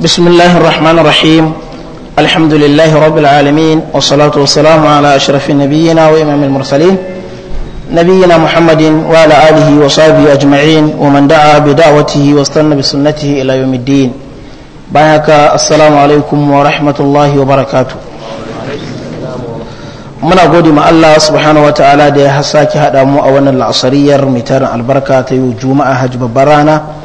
بسم الله الرحمن الرحيم الحمد لله رب العالمين والصلاة والسلام على أشرف نبينا وإمام المرسلين نبينا محمد وعلى آله وصحبه أجمعين ومن دعا بدعوته واستنى بسنته إلى يوم الدين بارك السلام عليكم ورحمة الله وبركاته muna gode ma Allah subhanahu wa ta'ala da ya sake haɗa mu a wannan la'asariyar mai tarin albarka ta yau juma'a hajji babbar rana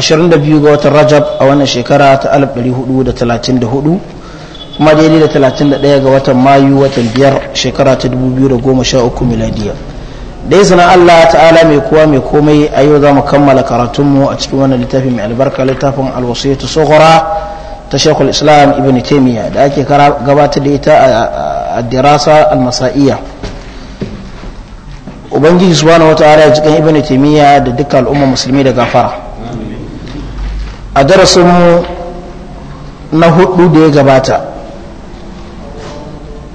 22 ga watan rajab a wannan shekara ta 1434 kuma daidai da 31 ga watan mayu watan biyar shekara ta 2013 miladiya dai allah ta'ala mai kowa mai komai a yau za mu kammala karatunmu a cikin wannan littafi mai albarka littafin ta tsohora ta shekul islam ibn taimiyya da ake gabatar da ita a dirasa almasa'iya. ubangiji subhanahu wata ta'ala ya cikin ibn taimiyya da duka al'umma musulmi da gafara a darasin na hudu da ya gabata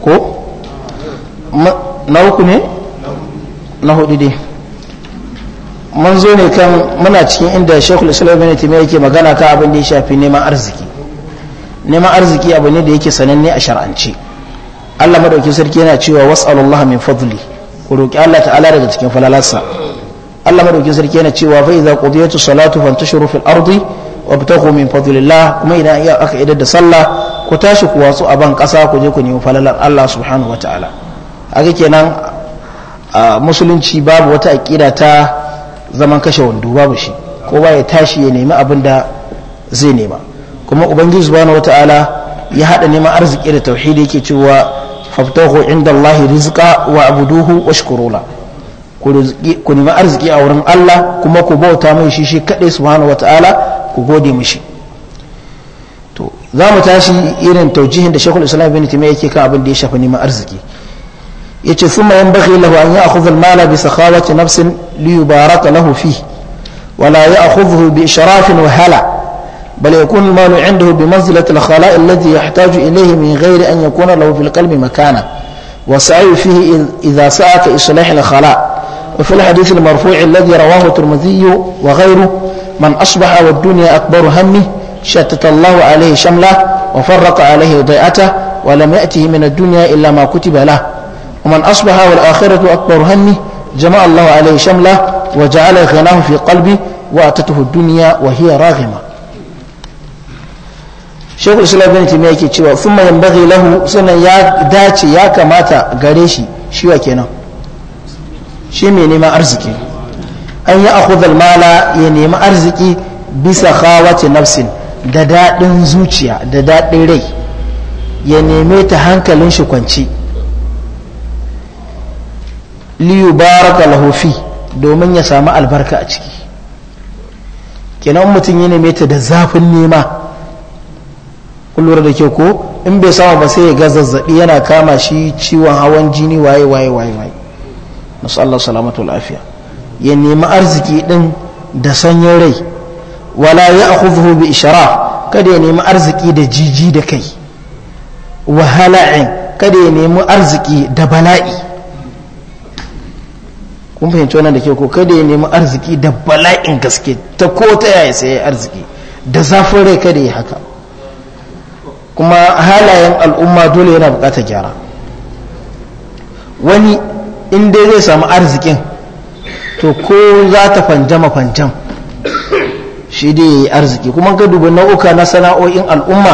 ko na uku ne na hudu dai mun zo ne kan muna cikin inda shekul islam ne timi yake magana ka abin da ya shafi neman arziki neman arziki abu ne da yake sananne a shar'ance Allah madauki sarki yana cewa wasu min fadli ku roƙi Allah ta'ala daga cikin falalarsa Allah madauki sarki yana cewa faiza idza qudiyatu salatu fantashiru fil ardi wabtahu min fadlillah kuma idan iya aka idar da sallah ku tashi ku watsu a ban kasa ku je ku nemi falalar Allah subhanahu wataala haka kenan a musulunci babu wata aqida ta zaman kashe wando babu shi kowa ya tashi ya nemi abin da zai nema kuma ubangiji subhanahu wataala ya hada neman arziki da tauhidi yake cewa fabtahu inda Allah rizqa wa abuduhu washkurula ku nemi arziki a wurin Allah kuma ku bauta mai shi shi kadai subhanahu wataala ku gode mishi to za mu tashi irin taujihin da shekul islam bin timiyya yake kan abin da ya shafi neman arziki yace thumma yanbaghi lahu an ya'khudha al-mala bi sakhawati nafsin li yubaraka lahu fihi wa la ya'khudhuhu bi ishrafin wa hala بل يكون المال عنده بمنزلة الخلاء الذي يحتاج إليه من غير أن يكون له في القلب مكانا وسعي فيه إذا سعى كإصلاح الخلاء وفي الحديث المرفوع الذي رواه الترمذي وغيره من أصبح والدنيا أكبر همه شتت الله عليه شمله وفرق عليه ضيعته ولم يأته من الدنيا إلا ما كتب له ومن أصبح والآخرة أكبر همه جمع الله عليه شمله وجعل غناه في قلبه وأتته الدنيا وهي راغمة شيخ الإسلام بن تيمية كتشوى ثم ينبغي له سنة يا داتي يا كماتا غريشي شوى كنا شيء من ما أرزكي an yi akhudhal mala ya nemi arziki bisa khawati nafsin da daɗin zuciya da daɗin rai ya neme ta hankalin shi kwanci liyu baraka lahofi domin ya samu albarka a ciki kenan mutum ya neme ta da zafin nema kullum da ke ko in bai sama ba sai ya ga zazzabi yana kama shi ciwon hawan jini waye waye waye waye nasu Allah salamatu lafiya ya nemi arziki din da sanyin rai wala ya akhudhu bi ishara kada ya nemi arziki da jiji da kai wahala'in kada ya nemi arziki da bala'i kun fahimci wannan da ke ko kada ya nemi arziki da bala'in gaske ta ko ta yaya sai arziki da zafin rai kada ya haka kuma halayen al'umma dole yana bukatar gyara wani in dai zai samu arzikin to ko za ta fanjama fanjam shi dai ya yi arziki kuma ka dubi nau'uka na sana'o'in al'umma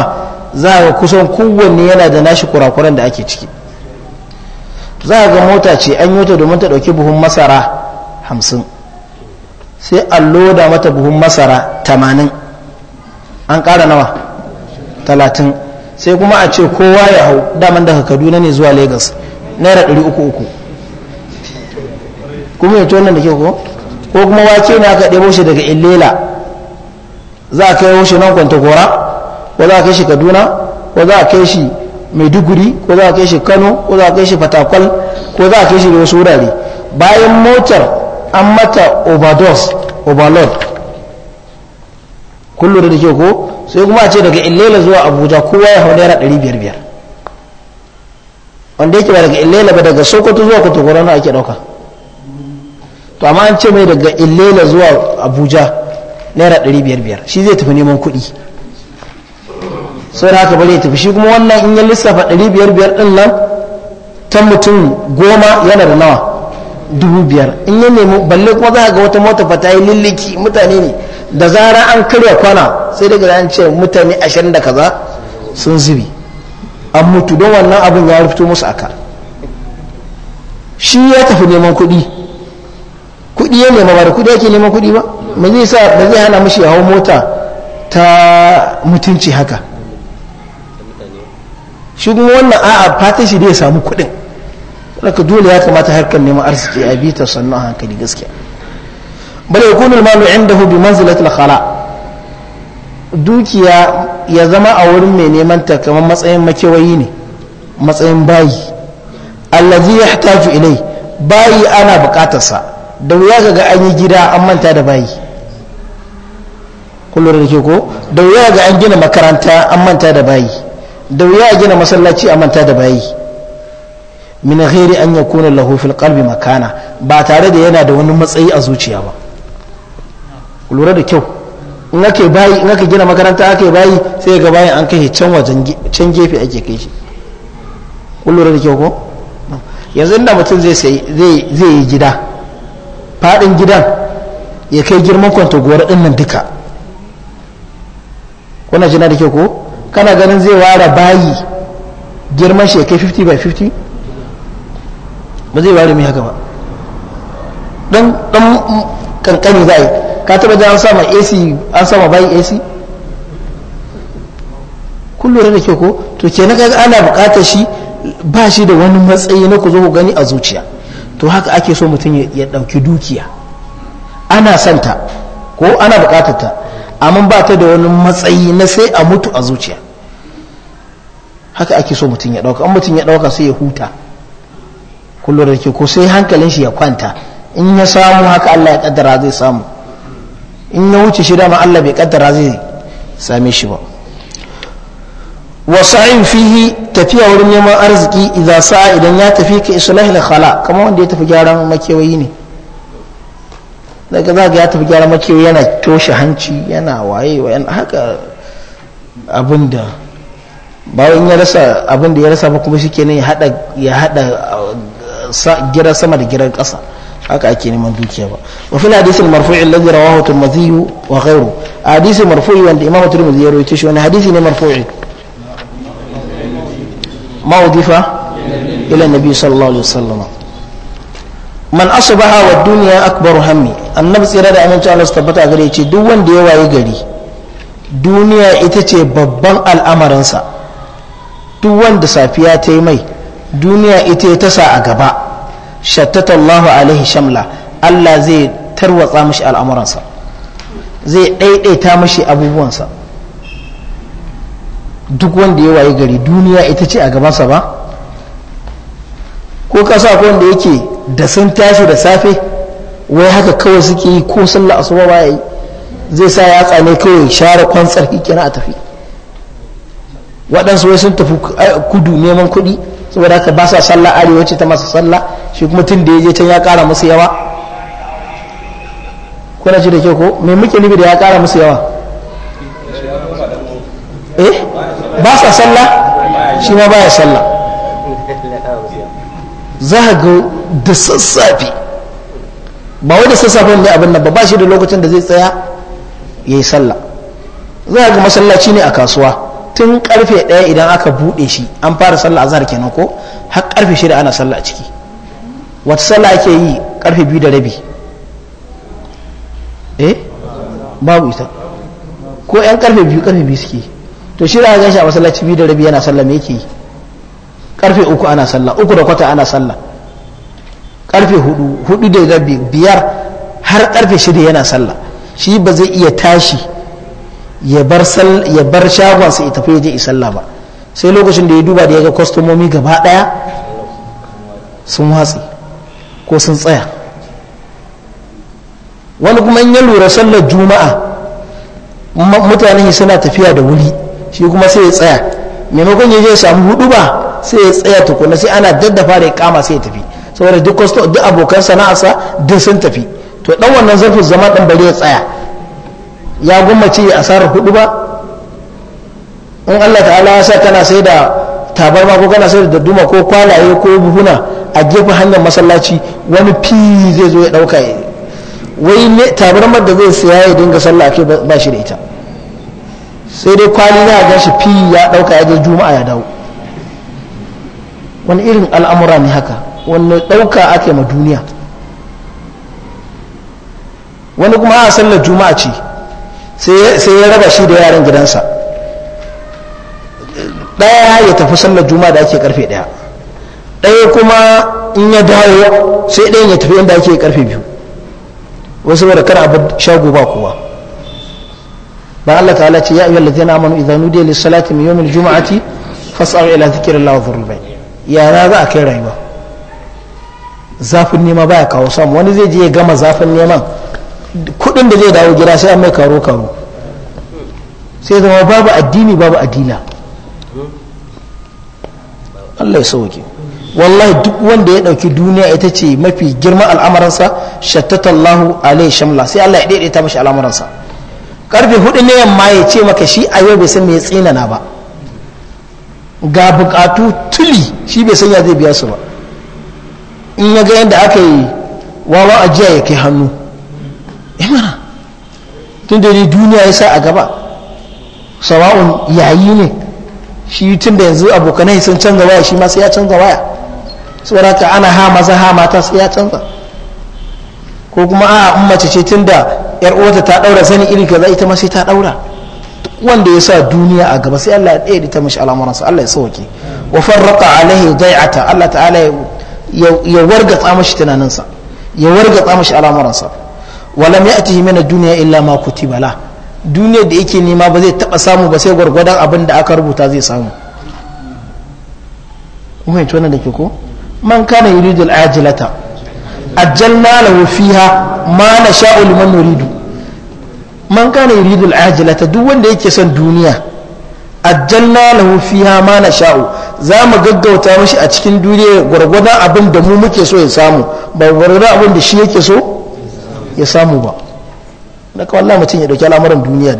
za a kusan kowanne yana da nashi kurakuran da ake ciki za a ga mota ce an yi ta domin ta ɗauki buhun masara hamsin sai an loda mata buhun masara tamanin an ƙara nawa talatin sai kuma a ce kowa ya hau daman daga kaduna ne zuwa lagos naira ɗari uku uku kuma ya tonan da ke ko ko kuma wake ne aka ɗebo shi daga illela za a kai shi nan kwanta gora ko za a kai shi kaduna ko za a kai shi maiduguri ko za a kai shi kano ko za a kai shi fatakwal ko za a kai shi da wasu wurare bayan motar an mata overdose overload kullum da ke ko sai kuma a ce daga illela zuwa abuja kowa ya hau naira 500 wanda yake ba daga illela ba daga sokoto zuwa gora na ake ɗauka to amma an ce mai daga illela zuwa abuja naira ɗari biyar biyar shi zai tafi neman kuɗi sai da haka bari ya tafi shi kuma wannan in ya lissafa ɗari biyar biyar ɗin nan ta mutum goma yana da nawa dubu biyar in ya nemi balle kuma za ga wata mota fata yi lilliki mutane ne da zara an karya kwana sai daga an ce mutane ashirin da kaza sun zubi an mutu don wannan abin ya rufto musu aka shi ya tafi neman kuɗi kuɗi ya nema ba da kuɗi yake nema kuɗi ba me zai sa ba zai hana mashi hau mota ta mutunci haka shi kuma wannan a'a fatan shi dai samu kuɗin ka dole ya kamata harkar neman arziki a bita sannu a hankali gaskiya bal yakunu al-malu indahu bi manzilati al dukiya ya zama a wurin mai neman ta kamar matsayin makewayi ne matsayin bayi allazi yahtaju ilai bayi ana bukatarsa da wuya ga ga an yi gida an manta da bayi kullum da ke ko da wuya ga an gina makaranta an manta da bayi da wuya a gina masallaci an manta da bayi min ghairi an yakuna lahu fil qalbi makana ba tare da yana da wani matsayi a zuciya ba kullum da kyau in ake bayi in ake gina makaranta ake bayi sai ga bayan an kai can wajen can gefe ake kai shi kullum da kyau ko yanzu inda mutum zai zai yi gida faɗin gidan ya kai girman kwantagowar ɗin nan duka kuna jina da ke ko kana ganin zai ware bayi girman shi ya kai 50 by 50 ba zai ware mai haka ba ɗan ƙanƙani za a yi ka taɓa ji an sama ac an sama bayi ac kullum da ke ko to ke na kaga ana buƙatar shi ba shi da wani matsayi na ku zo ku gani a zuciya to haka ake so mutum ya ɗauki dukiya ana santa ko ana bukatarta amma ba ta da wani matsayi na sai a mutu a zuciya haka ake so mutum ya ɗauka an mutum ya ɗauka sai ya huta kullum da ke ko sai hankalin shi ya kwanta in ya samu haka Allah ya kaddara zai samu in ya wuce shi dama Allah bai kaddara zai same shi ba ayin fihi tafiya wurin neman arziki idan sa'a idan ya tafi ka islahil khala kamar wanda ya tafi gyaran makewayi ne daga za ya tafi gyaran makewayi yana toshe hanci yana waye wa yana haka abinda bayan ya rasa abinda ya rasa ba kuma shikenan ya hada ya hada uh, gira sama da giran kasa haka ake neman dukiya ba wa fil hadisi marfu'i alladhi rawahu tirmidhi wa ghayru hadisi marfu'i wanda imam tirmidhi ya rawaito shi wani hadisi ne marfu'i ما وضيف إلى النبي صلى الله عليه man asbaha wa duniya akbar hammi annabi tsira da aminci Allah su tabbata gare ce duk wanda ya wayi gari duniya ita ce babban al'amarinsa duk wanda safiya ta yi mai duniya ita ta sa a gaba shattata Allahu alaihi shamla Allah zai tarwatsa mashi al'amuransa zai ɗaiɗaita mashi abubuwansa duk wanda ya waye gari duniya ita ce a gabansa ba ko kasa sa wanda yake da sun tashi da safe wai haka kawai suke yi ko sallah asuba ba yi zai sa ya tsane kawai share kwantsar kenan a tafi waɗansu wai sun tafi kudu neman kuɗi saboda haka ba sa sallah arewa ce ta masu sallah shi kuma tun da ya je can ya ƙara musu yawa kuna ji da ke ko me muke nufi ya ƙara musu yawa eh ba sa sallah shi ma baya sallah za a ga da sassafe ba wai da sassafe ne abin nan ba ba shi da lokacin da zai tsaya ya yi sallah za a ga masallaci ne a kasuwa tun karfe ɗaya idan aka buɗe shi an fara sallah azhar kenan ko har karfe shida ana sallah a ciki wata sallah ake yi karfe biyu da rabi eh babu ita ko 'yan karfe biyu karfe biyu suke to shi da gan shi a masallaci biyu da rabi yana sallah me yake karfe uku ana sallah uku da kwata ana sallah karfe hudu hudu da rabi biyar har karfe shida yana sallah shi ba zai iya tashi ya bar ya bar shagonsa ya tafi ya je sallah ba sai lokacin da ya duba da ya ga kwastomomi gaba daya sun watsi ko sun tsaya wani kuma in ya lura sallar juma'a mutane suna tafiya da wuri shi kuma sai ya tsaya maimakon ya je samu hudu ba sai ya tsaya tukuna sai ana daddafa da ya kama sai ya tafi saboda duk kwasto duk abokan sana'arsa duk sun tafi to dan wannan zafin zama dan bari ya tsaya ya gwammace ya asarar hudu ba in Allah ta'ala ya sa kana sai da tabarma ko kana sai da duma ko kwalaye ko buhuna a gefen hanyar masallaci wani fi zai zo ya dauka wai tabarmar da zai siya ya dinga sallah ake ba shi da ita sai dai kwali na ga shi fi ya ɗauka ya je juma'a ya dawo wani irin al'amura ne haka wani ɗauka ake ma duniya wani kuma a sallar juma'a ce sai ya raba shi da yaran gidansa ɗaya ya tafi sallar juma'a da ake karfe ɗaya ɗaya kuma in ya dawo sai ɗayan ya tafi yadda ake karfe biyu wasu wadda kar abu shago ba kowa ba Allah ta'ala ce ya ayyuhal ladzina amanu idza nudiya lis salati min yawmil jum'ati fas'au ila dhikrillahi wa dhurul bay ya na za a kai rayuwa zafin nema baya kawo samu wani zai je ya gama zafin neman kudin da zai dawo gida sai an mai karo karo sai zama babu addini babu adila Allah ya sauke wallahi duk wanda ya dauki duniya ita ce mafi girman al'amuransa shattatallahu alaihi shamla sai Allah ya daidaita mashi al'amuransa karfe hudu na yamma ya ce maka shi a yau bai san me ya tsinana ba ga bukatu tuli shi bai san ya zai biya su ba in ya ga yadda aka yi wawa ajiya ya kai hannu imana tun da duniya ya sa a gaba sawa'un yayi ne shi tun da yanzu abokanai sun canza waya shi ma sai ya canza waya ka ana ha maza ha mata sai ya canza ko kuma a mace ce tun da yar uwata ta daura sani iri kaza ita ma sai ta daura wanda ya sa duniya a gaba sai Allah ya tsaye ta al'amuran al'amuransa Allah ya sauke wa farraqa alaihi dai'ata Allah ta'ala ya wargatsa tunanin tunaninsa ya wargatsa al'amuran al'amuransa wa lam ya'tihi min ad-dunya illa ma kutiba la duniya da yake nema ba zai taba samu ba sai gwargwadon abin da aka rubuta zai samu kuma ita wannan da ke ko man kana yuridu al-ajilata ajjalna lahu fiha ma nasha'u liman nuridu man kana yuridu al-ajilata duk wanda yake son duniya ajjalna lahu fiha ma nasha'u za mu gaggauta mashi a cikin duniya gwargwadon abin da mu muke so ya samu ba gwargwadon abin da shi yake so ya samu ba na kawai Allah mutum ya dauki al'amuran duniya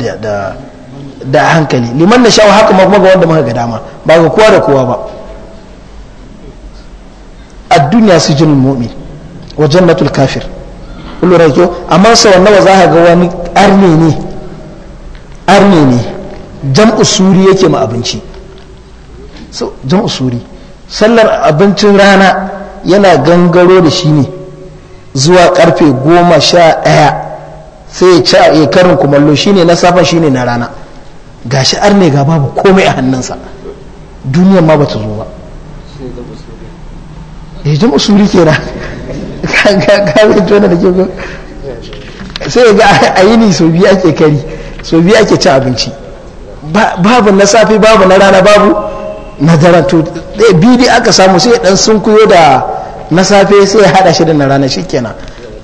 da hankali liman na sha'awa haka kuma ga wanda muka ga dama ba ga kowa da kowa ba a duniya su jin mu'min wa jannatul kafir kullu rayto amma sau nawa za ka ga wani arne ne arne ne jam'u suri yake ma abinci so jam'u suri sallar abincin rana yana gangaro da shi ne zuwa karfe goma sha ɗaya sai ya karin kumallo ne na safa ne na rana gashi arne ga babu komai a hannunsa duniyar ma bata zo ba ya eh, jam'u suri kenan tona da ke sai ga a yini so biyu ake kari so biyu ake ci abinci babu na safe babu na rana babu na daren to dai aka samu sai dan sun kuyo da na safe sai ya hada shi da na rana shikenan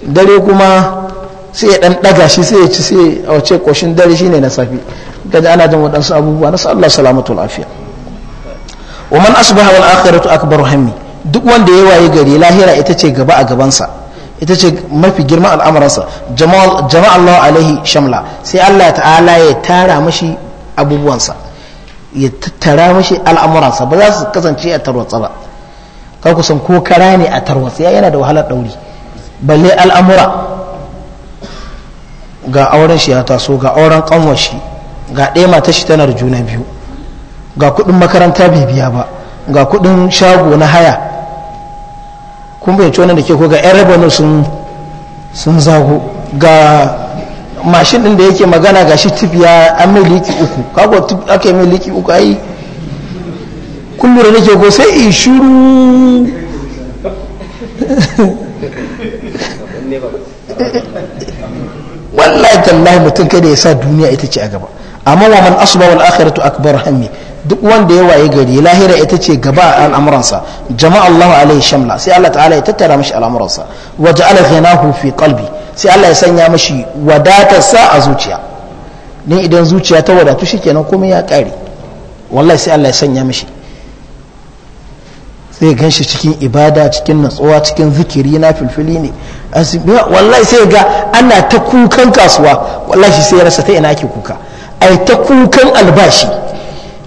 dare kuma sai ya dan daga shi sai ya ci sai a wace koshin dare shine na safe kaji ana jin waɗansu abubuwa na Allah salamatu lafiya wa man asbaha wal akhiratu akbaru hammi duk wanda ya waye gari lahira ita ce gaba a gabansa ita ce mafi girman al'amuransa jama'a Allah alaihi shamla sai Allah ta'ala ya tara mashi abubuwansa ya tattara mashi al'amuransa ba za su kasance a tarwatsa ba ka kusan ko kara ne a tarwatsa ya yana da wahalar ɗauri balle al'amura ga auren shi ya taso ga auren kanwar shi ga ɗaya mata shi tana da juna biyu ga kuɗin makaranta bibiya ba ga kuɗin shago na haya kun bayanci wannan da ke ko ga yan rabanu sun sun zago ga mashin din da yake magana ga shi tip ya an mai liki uku kago tip aka yi mai liki uku ai kun lura nake ko sai in shuru wallahi tallahi mutum kada ya sa duniya ita ce a gaba amma wa man asba wal akhiratu akbar hammi duk wanda ya waye gari lahira ita ce gaba a al'amuransa jama'a Allahu alaihi shamla sai Allah ta'ala ya tattara mashi al'amuransa wa ja'ala ghinahu fi qalbi sai Allah ya sanya mashi wadatarsa a zuciya idan zuciya ta wadatu shikenan komai ya kare wallahi sai Allah ya sanya mashi sai gan shi cikin ibada cikin natsuwa cikin zikiri na filfili ne wallahi sai ga ana ta kukan kasuwa wallahi sai ya rasa ta ina ake kuka ai ta kukan albashi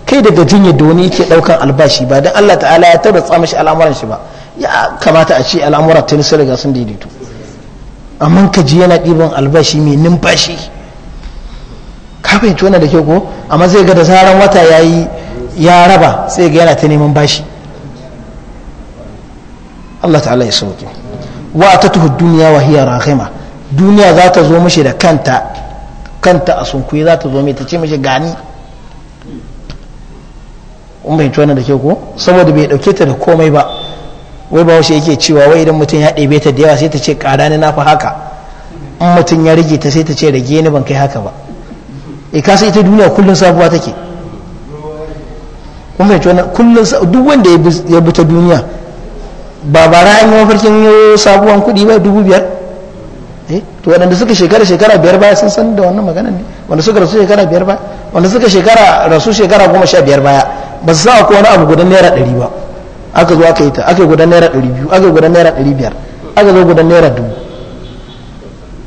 kai daga jinya da wani yake daukan albashi ba don Allah ta'ala ya tarbatsa mashi al'amuran shi ba ya kamata a ce al'amura ta nisa daga sun daidaito amma ka ji yana ɗiban albashi mai numfashi ka fahimci wannan da ke ko amma zai ga da zaran wata ya yi ya raba sai ga yana ta neman bashi Allah ta'ala ya sauke wa ta tuhu duniya wa hiya rahima duniya za ta zo mashi da kanta kanta a sunkuyi za ta zo mai ta ce mashi gani in bai tuwa da ke ko saboda bai dauke ta da komai ba wai ba wasu yake cewa wai idan mutum ya ɗebe ta da yawa sai ta ce ƙara ni na fi haka in mutum ya rage ta sai ta ce rage ni ban kai haka ba e eh, kasa ita duniya kullum sabuwa take kun ya tona kullum duk wanda ya bi ta duniya ba bara an yi mafarkin sabuwan kuɗi ba dubu biyar Eh, to waɗanda suka shekara shekara biyar baya sun san da wannan magana ne wanda suka rasu shekara biyar baya wanda suka shekara rasu shekara goma sha biyar baya ba su sa ko wani abu gudan naira ɗari ba aka zo aka yi ta aka gudan naira ɗari biyu aka gudan naira ɗari biyar aka zo gudan naira dubu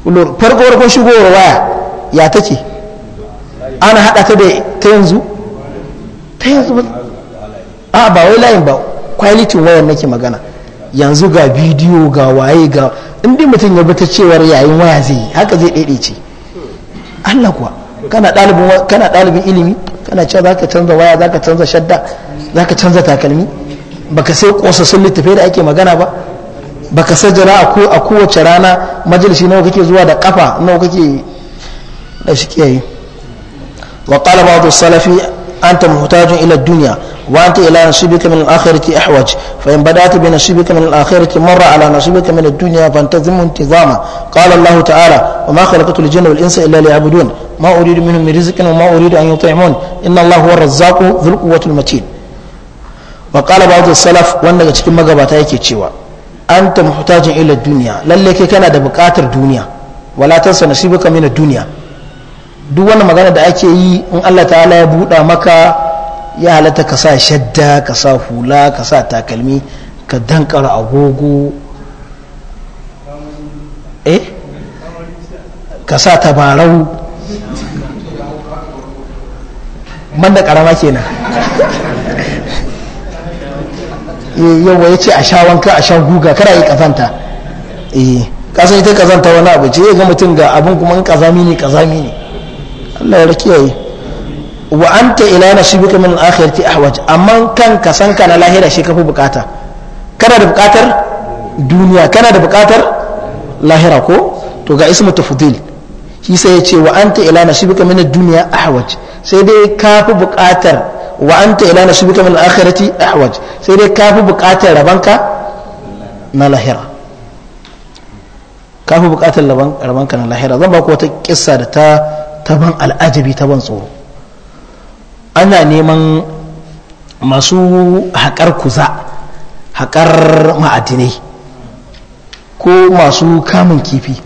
kullum farko farkon shigowar waya ya take ana haɗa ta da ta yanzu ta yanzu a ba wai layin ba kwalitin wayan nake magana yanzu ga bidiyo ga waye ga inda mutum ya bata cewar yayin waya zai yi haka zai ce Allah kuwa kana ɗalibin ilimi kana cewa ka canza waya zaka canza shadda zaka canza takalmi baka sai kosassun littafai da ake magana ba baka jira a kowace rana majalisi nawa kake zuwa da kafa nawa kake da shi kiyaye wa ƙalaba da salafi anta muhtajun ila duniya. وأنت إلى نصيبك من الآخرة أحوج فإن بدأت بنصيبك من الآخرة مرة على نصيبك من الدنيا فانتظم انتظاما قال الله تعالى وما خلقت الجن والإنس إلا ليعبدون ما أريد منهم من رزق وما أريد أن يطعمون إن الله هو الرزاق ذو القوة المتين وقال بعض السلف وأنك تكون مقبتا يكي تشيوا أنت محتاج إلى الدنيا للك كان دبكاتر دنيا ولا تنسى نصيبك من الدنيا duk wannan magana da ake yi in Allah ta'ala ya buɗa maka ya halatta ka sa shadda ka sa hula ka sa takalmi ka dankar agogo eh ka sa tabarau man da karama kenan eh, yawa ya ce a sha wanka a sha guga kada yi kazanta eh kasan ita kazanta wani abu ce ya ga mutum ga abin kuma in kazami ne kazami ne Allah ya rakiyaye wa anta ila nasibika min al-akhirati ahwaj amma kan ka san ka lahira shi kafi bukata kana da bukatar duniya kana da bukatar lahira ko to ga ismu tafdil shi sai yace ce wa anta ila nasibika min ad-dunya ahwaj sai dai kafi bukatar wa anta ila nasibika min akhirati ahwaj sai dai kafi bukatar rabanka na lahira kafi bukatar rabanka na lahira zan ba ku wata kissa da ta taban al'ajabi ta ban tsoro ana neman masu haƙar kuza haƙar ma'adinai ko masu kamun kifi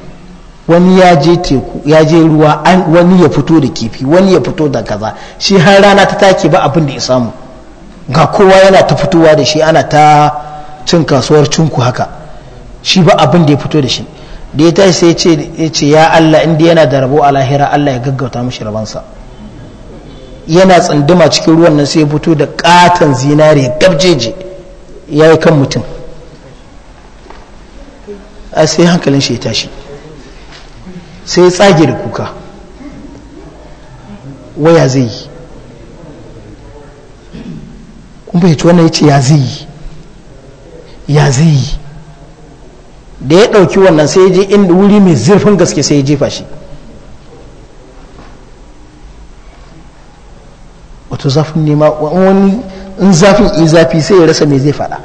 wani ya je teku ya je ruwa wani ya fito da kifi wani ya fito da kaza shi har rana ta take ba abin da ya samu ga kowa yana ta fitowa da shi ana ta cin kasuwar cinku haka shi ba abin da ya fito da shi da ya tashi sai ya ce ya Allah inda yana da rabo a lahira Allah ya gaggauta mishi rabansa yana tsanduma cikin ruwan nan sai ya fito da katon zinare gabjeje ya yi kan mutum a sai hankalin shi ya tashi sai ya tsage da kuka waya zai yi kuma bai wannan ya ce ya zai yi ya zai yi da ya ɗauki wannan sai ya je inda wuri mai zurfin gaske sai ya jefa shi wato zafin nema wani in zafin yi zafi sai ya rasa me zai faɗa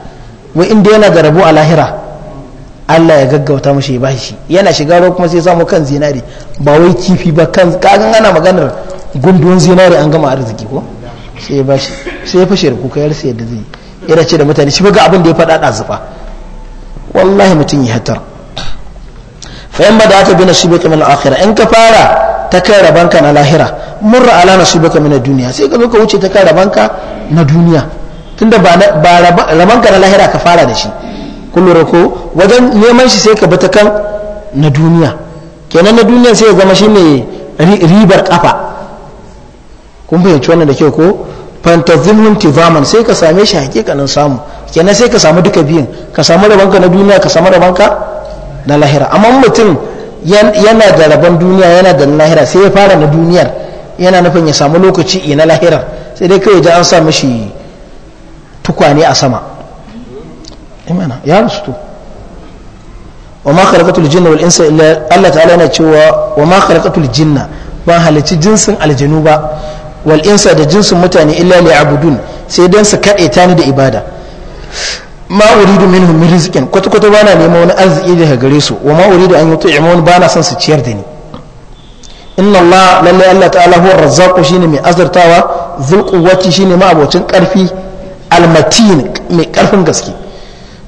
wai inda yana da rabu a lahira Allah ya gaggauta mashi ya bashi shi yana shiga ruwa kuma sai samu kan zinari ba wai kifi ba kan kagan ana maganar gunduwan zinari an gama arziki ko sai ya bashi sai ya fashe da kuka ya rasa yadda zai yana ce da mutane shi ga abin da ya faɗa ɗazufa wallahi mutum ya hatar fa da aka bina shi nasibi kamar akhira in ka fara ta kai rabanka na lahira murra ala nasibaka na duniya sai ka zo ka wuce ta kai rabanka na duniya tunda ba rabanka na lahira ka fara da shi kun ko wajen neman shi sai ka bi ta kan na duniya kenan na duniya sai ya zama shi ne ribar kafa kun fahimci wannan da kyau ko fantazimhum tizaman sai ka same shi hakikanin samu kenan sai ka samu duka biyun ka samu rabanka na duniya ka samu rabanka na lahira amma mutum yana da rabon duniya yana da lahira sai ya fara na duniyar yana nufin ya samu lokaci na lahirar sai dai kawai da an sa mashi tukwane a sama imana ya rusutu wa ma kharaqatul jinna wal insa illa Allah ta'ala yana cewa wa ma kharaqatul jinna ba halici jinsin aljinu ba wal insa da jinsin mutane illa liyabudun abudun sai dan su kade ta ni da ibada ma uridu minhum min rizqin kwata kwata bana nema wani arziki daga gare su wa ma uridu an yut'imun bana son su ciyar da ni inna Allah lalle Allah ta'ala huwa razzaqu shine mai azartawa zul quwwati shine ma abocin karfi almatin mai karfin gaske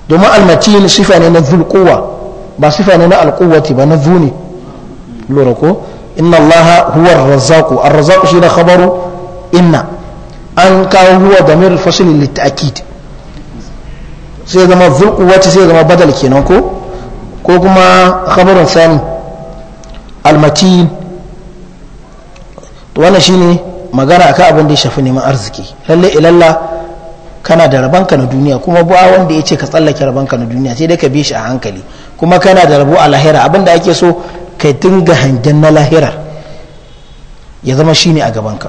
domin almatin sifa ne na zul quwwa ba sifa ne na alquwwati ba na zuni lura ko inna Allah huwa razzaqu ar-razzaqu shine khabaru inna an kawo huwa damir fasl lit ta'kid sai zama wacce sai zama badal kenan ko ko kuma khabarun sani almatin to wannan shine magana akan abin da ya shafi neman arziki lalle ilalla kana da rabanka na duniya kuma ba wanda ya ce ka tsallake rabanka na duniya sai dai ka bi shi a hankali kuma kana da rabo a lahira abin da ake so ka dinga hangen na lahira ya zama shine a gaban ka.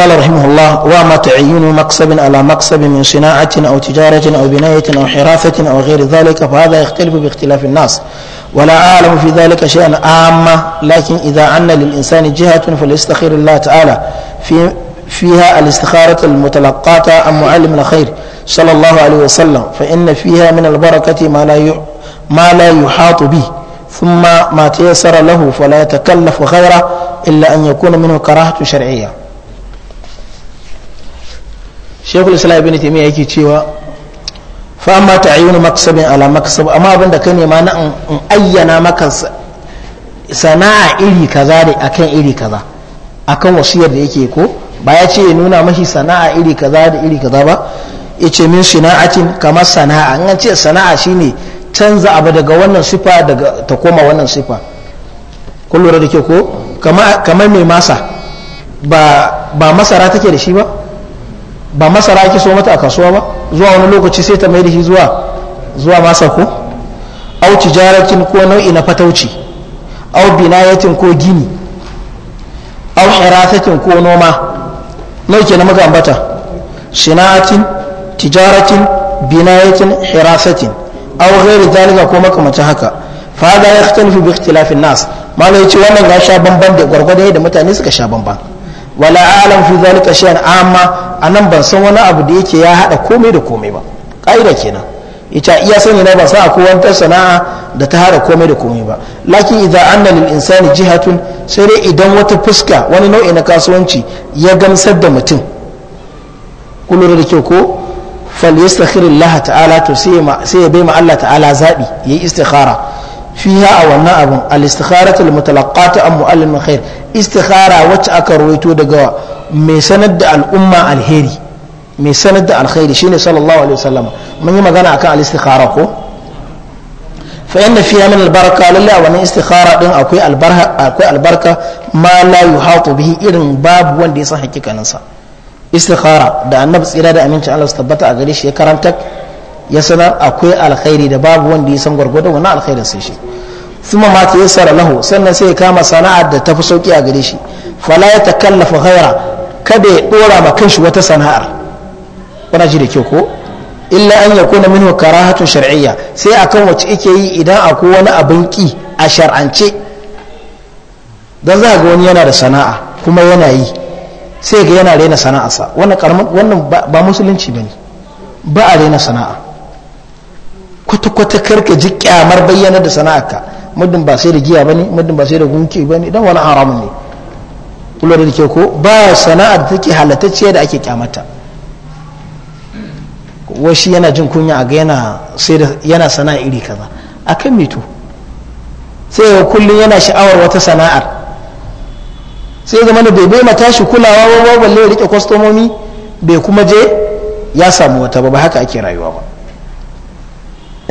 قال رحمه الله وما تعين مقصب على مقصب من صناعة أو تجارة أو بناية أو حرافة أو غير ذلك فهذا يختلف باختلاف الناس ولا أعلم في ذلك شيئا عاما لكن إذا عنا للإنسان جهة فليستخير الله تعالى في فيها الاستخارة المتلقاة عن معلم الخير صلى الله عليه وسلم فإن فيها من البركة ما لا ما لا يحاط به ثم ما تيسر له فلا يتكلف غيره إلا أن يكون منه كراهة شرعية shekul islam ibn taimiyya yake cewa fa amma ta'ayyun maksabin ala maksab amma abinda ka nema na in ayyana maka sana'a iri kaza a akan iri kaza akan wasiyar da yake ko ba ya ce ya nuna mashi sana'a iri kaza da iri kaza ba ya ce min sana'atin kamar sana'a an ce sana'a shine canza abu daga wannan sifa daga ta koma wannan sifa kun da ke ko kamar mai masa ba masara take da shi ba ba masara ake so mata a kasuwa ba zuwa wani lokaci sai ta mai da shi zuwa zuwa masa ko au tijaratin ko nau'i na fatauci au binayatin ko gini au hirasatin ko noma nau'i ke na muka ambata sina'atin tijaratin binayatin hirasatin au ghairi zalika ko makamacin haka fa da ya bi ikhtilafin nas malai ce wannan ga sha bamban da gwargwado da mutane suka sha bamban wala alam fi zalika shay'an amma anan ban san wani abu da yake ya hada komai da komai ba ƙa'ida kenan ita iya sani na ba sa akwai wani sana'a da ta hada komai da komai ba lakin idan anna lil insani jihatun sai dai idan wata fuska wani nau'i na kasuwanci ya gamsar da mutum kullum da kyau ko fal yastakhir Allah ta'ala to sai ya bai ma Allah ta'ala zabi yayi istikhara fiha a wannan abin al-istikharatul mutalaqqatu an mu'allimin khair istikhara wacce aka rawaito daga mai sanar da al'umma alheri mai sanar da alkhairi shine sallallahu alaihi wasallam mun yi magana akan al-istikhara ko fa inna fiha min al-baraka lalla wa istikhara din akwai albarka akwai albarka ma la yuhatu bihi irin babu wanda ya san hakikanin sa istikhara da annabi tsira da amincin Allah su tabbata a gare shi ya karanta ya sanar akwai alkhairi da babu wanda ya san gwargwadon wannan alkhairin sai shi ثم ma تيسر lahu sannan sai ya kama sana'ar da fi sauki a gare shi fala ya takallafa ghaira kada ya ɗora ma kanshi wata sana'ar kuna ji da kyau ko illa an yakuna minhu karahatun shar'iyya sai akan wacce yake yi idan wani a shar'ance don za ga wani yana da sana'a kuma yana yi sai ga yana rena sana'arsa wannan karamin ba musulunci ba a sana'a kwata-kwata karka ji kyamar bayyana da sana'arka muddin ba sai da giya bane muddin ba sai da gunki bane dan wani haramun ne kullu da ke ko ba sana'a da take halatacce da ake kyamata washi yana jin kunya a ga yana sai da yana sana'a iri kaza akan me to sai ya kullun yana sha'awar wata sana'ar sai zama da bai mata shi kulawa ba balle ya rike kwastomomi bai kuma je ya samu wata ba ba haka ake rayuwa ba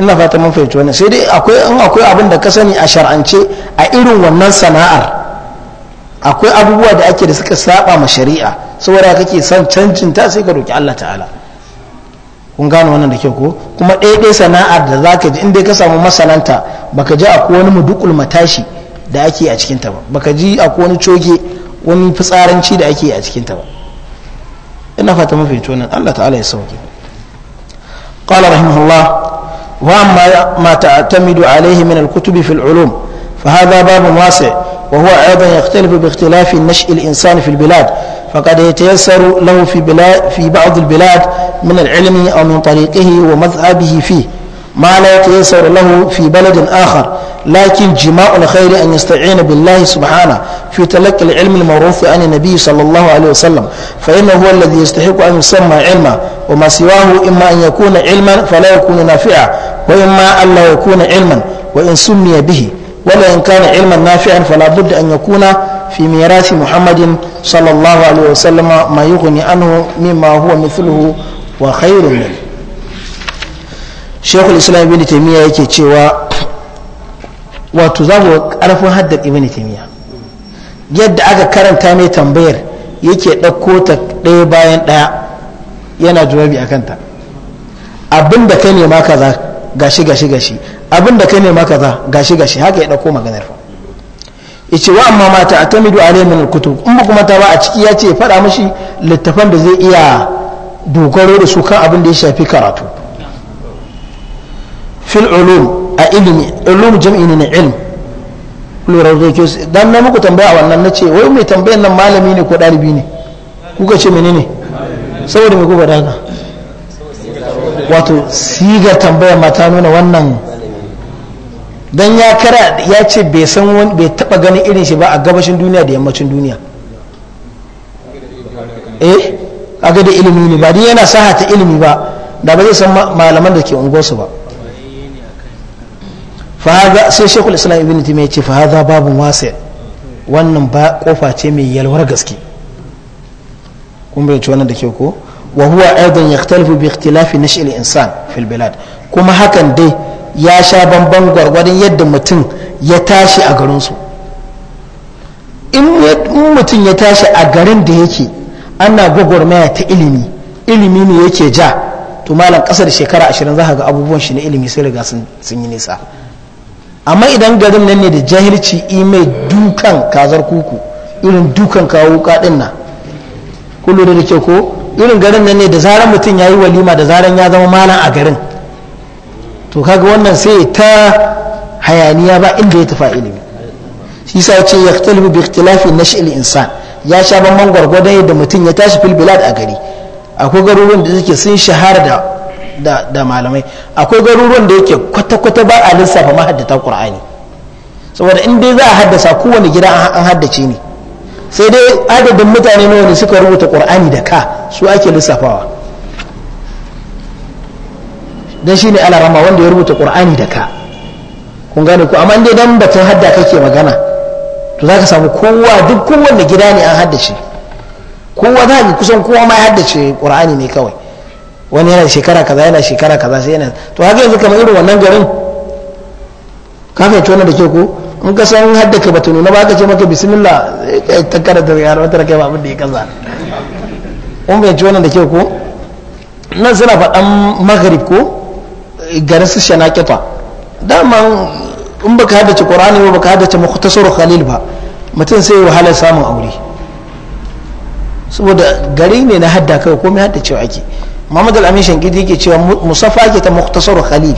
ina fata mun fahimci wannan sai dai akwai in akwai abin da ka sani a shar'ance a irin wannan sana'ar akwai abubuwa da ake da suka saba ma shari'a saboda kake son canjin ta sai ka roki Allah ta'ala kun gano wannan da kyau ko kuma ɗaya ɗaya sana'ar da zaka ji in dai ka samu masananta baka ji akwai wani mudukul matashi da ake a cikin ta ba baka ji akwai wani coge wani fitsaranci da ake a cikin ta ba ina fata mafi tonan Allah ta'ala ya sauke qala rahimahullah وأما ما تعتمد عليه من الكتب في العلوم فهذا باب واسع وهو أيضا يختلف باختلاف نشء الإنسان في البلاد فقد يتيسر له في, بلاد في بعض البلاد من العلم أو من طريقه ومذهبه فيه ما لا يتيسر له في بلد آخر لكن جماع الخير أن يستعين بالله سبحانه في تلقي العلم المعروف عن النبي صلى الله عليه وسلم فإنه هو الذي يستحق أن يسمى علما وما سواه إما أن يكون علما فلا يكون نافعا وإما أن لا يكون علما وإن سمي به ولا إن كان علما نافعا فلا بد أن يكون في ميراث محمد صلى الله عليه وسلم ما يغني عنه مما هو مثله وخير منه shekul islam ibn taimiyya yake cewa wato za mu karfin haddar ibn taimiyya yadda aka karanta mai tambayar yake ɗauko ta ɗaya bayan ɗaya yana jawabi a kanta abin da ka nema kaza gashi gashi gashi abin da ka nema kaza gashi gashi haka ya ɗauko maganar fa yace wa amma mata atamidu alayhi min alkutub in ba kuma ta ba a ciki ya ce faɗa mishi littafan da zai iya dogaro da su kan abin da ya shafi karatu fil ulum a ilimi ulum jam'i ne na ilm plural da ke dan na muku tambaya a wannan nace wai mai tambayan nan malami ne ko dalibi ne kuka ce menene saboda mai kuka daga wato sigar tambaya mata nuna wannan dan ya kara ya ce bai san wani bai taba ganin irin shi ba a gabashin duniya da yammacin duniya eh aga da ilimi ne ba dai yana sahata ilimi ba da ba zai san malaman da ke unguwarsu ba fahaza sai shekul islam ibn timiya ce fahaza babun wasa wannan ba kofa ce mai yalwar gaske kun bai wannan da ke ko wa huwa aidan yaxtalifu bi ikhtilafi nash'il insan fil bilad kuma hakan dai ya sha bamban gwargwadon yadda mutum ya tashi a garin su in mutum ya tashi a garin da yake ana gwagwarmaya ta ilimi ilimi ne yake ja to malam kasar shekara ashirin za ga abubuwan shi na ilimi sai riga sun yi nisa amma idan garin nan ne da jahilci imai dukan kazar kuku irin dukan kawo wuka na nan kun da ke ko irin garin nan ne da zaran mutum ya yi walima da zaran ya zama malam a garin to kaga wannan sai ta hayaniya ba inda ya tafa ilimi shi sa ce ya talibu bi ikhtilafi nash'il insan ya sha bamban gwargwadon yadda mutum ya tashi fil bilad a gari akwai garuruwan da suke sun shahara da da malamai akwai garuruwan da yake kwata-kwata ba a lissafa mahaddata qur'ani saboda in dai za a haddasa kowane gida an haddace ne sai dai adadin mutane nawa ne suka rubuta qur'ani da ka su ake lissafawa dan ne alarama wanda ya rubuta qur'ani da ka kun gane ku amma dai dan batun hadda kake magana to za ka samu kowa duk kowanne gida ne an haddace kowa za ka kusan kowa ma ya haddace qur'ani ne kawai wani yana shekara kaza yana shekara kaza sai yana to haka yanzu kamar irin wannan garin ka fahimci wannan da ke ko in ka san hadda ka bata nuna ba ka ce maka bismillah sai eh, ta da ya wata kai ba abin da ya kaza in fahimci wannan da ke ko nan suna faɗan maghrib ko eh, garin su shana shanakita dama in baka haddace qur'ani ba baka haddace mukhtasar khalil ba mutum sai wahalar samun aure saboda gari ne na hadda kai komai cewa ake muhammad al-amin shankidi ke cewa musaffa ke ta muktasar khalil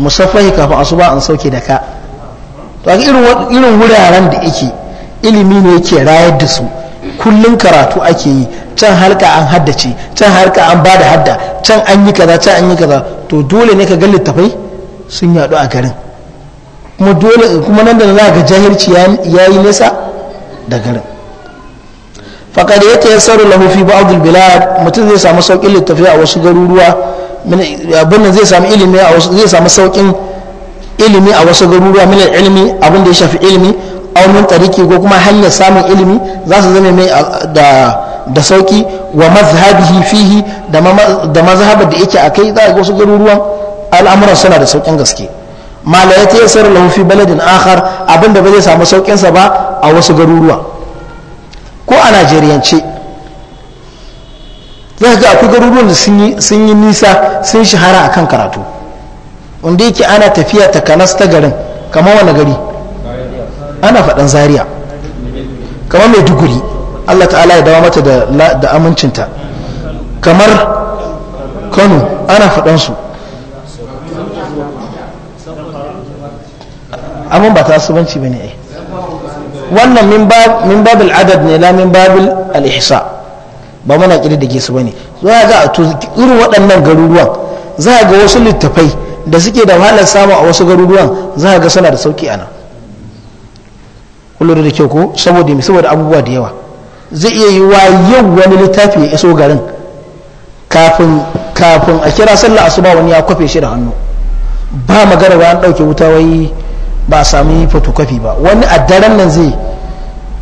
musaffa ke kafin asuba an sauke da ka to a irin wuraren da yake ilimi ne yake rayar da su kullum karatu ake yi can halka an haddace can halka an ba da hadda can an yi kaza can an yi kaza to dole ne ka ga littafai sun yadu a garin kuma dole kuma nan da na ga jahilci ya yi nesa da garin faƙad ya ta yasaru lahu fi ba'dul bilad mutum zai samu saukin littafi a wasu garuruwa abin zai samu ilimi a wasu zai samu saukin ilimi a wasu garuruwa min ilimi abin da ya shafi ilimi aw min tariki ko kuma hanyar samun ilimi za su zama mai da da sauki wa mazhabihi fihi da mazhabar da yake akai za ga wasu garuruwan al'amuran suna da saukin gaske malaya ta yasaru lahu fi baladin akhar abin da ba zai samu sa ba a wasu garuruwa ko a najeriyance za ga akwai garuruwan da sun yi nisa sun shahara a kan karatu wanda yake ana tafiya ta kanas ta garin kamar wani gari ana faɗan zaria kamar maiduguri allah ta'ala ya dawa mata da amincinta kamar kano ana su amin ba ta asubanci ba ne ai wannan min babul adad ne la min babul al-ihsa ba muna kididdige su bane ya ga a irin waɗannan garuruwan za ga wasu littafai da suke da wahalar samu a wasu garuruwan za ga suna da sauki nan. kullum da kyau ko saboda mai saboda abubuwa da yawa zai iya yi wa yau wani littafi ya iso garin kafin kafin a kira sallah asuba wani ya kwafe shi da hannu ba magana ba an ɗauke wuta wai ba a sami photocopy ba wani a daren nan zai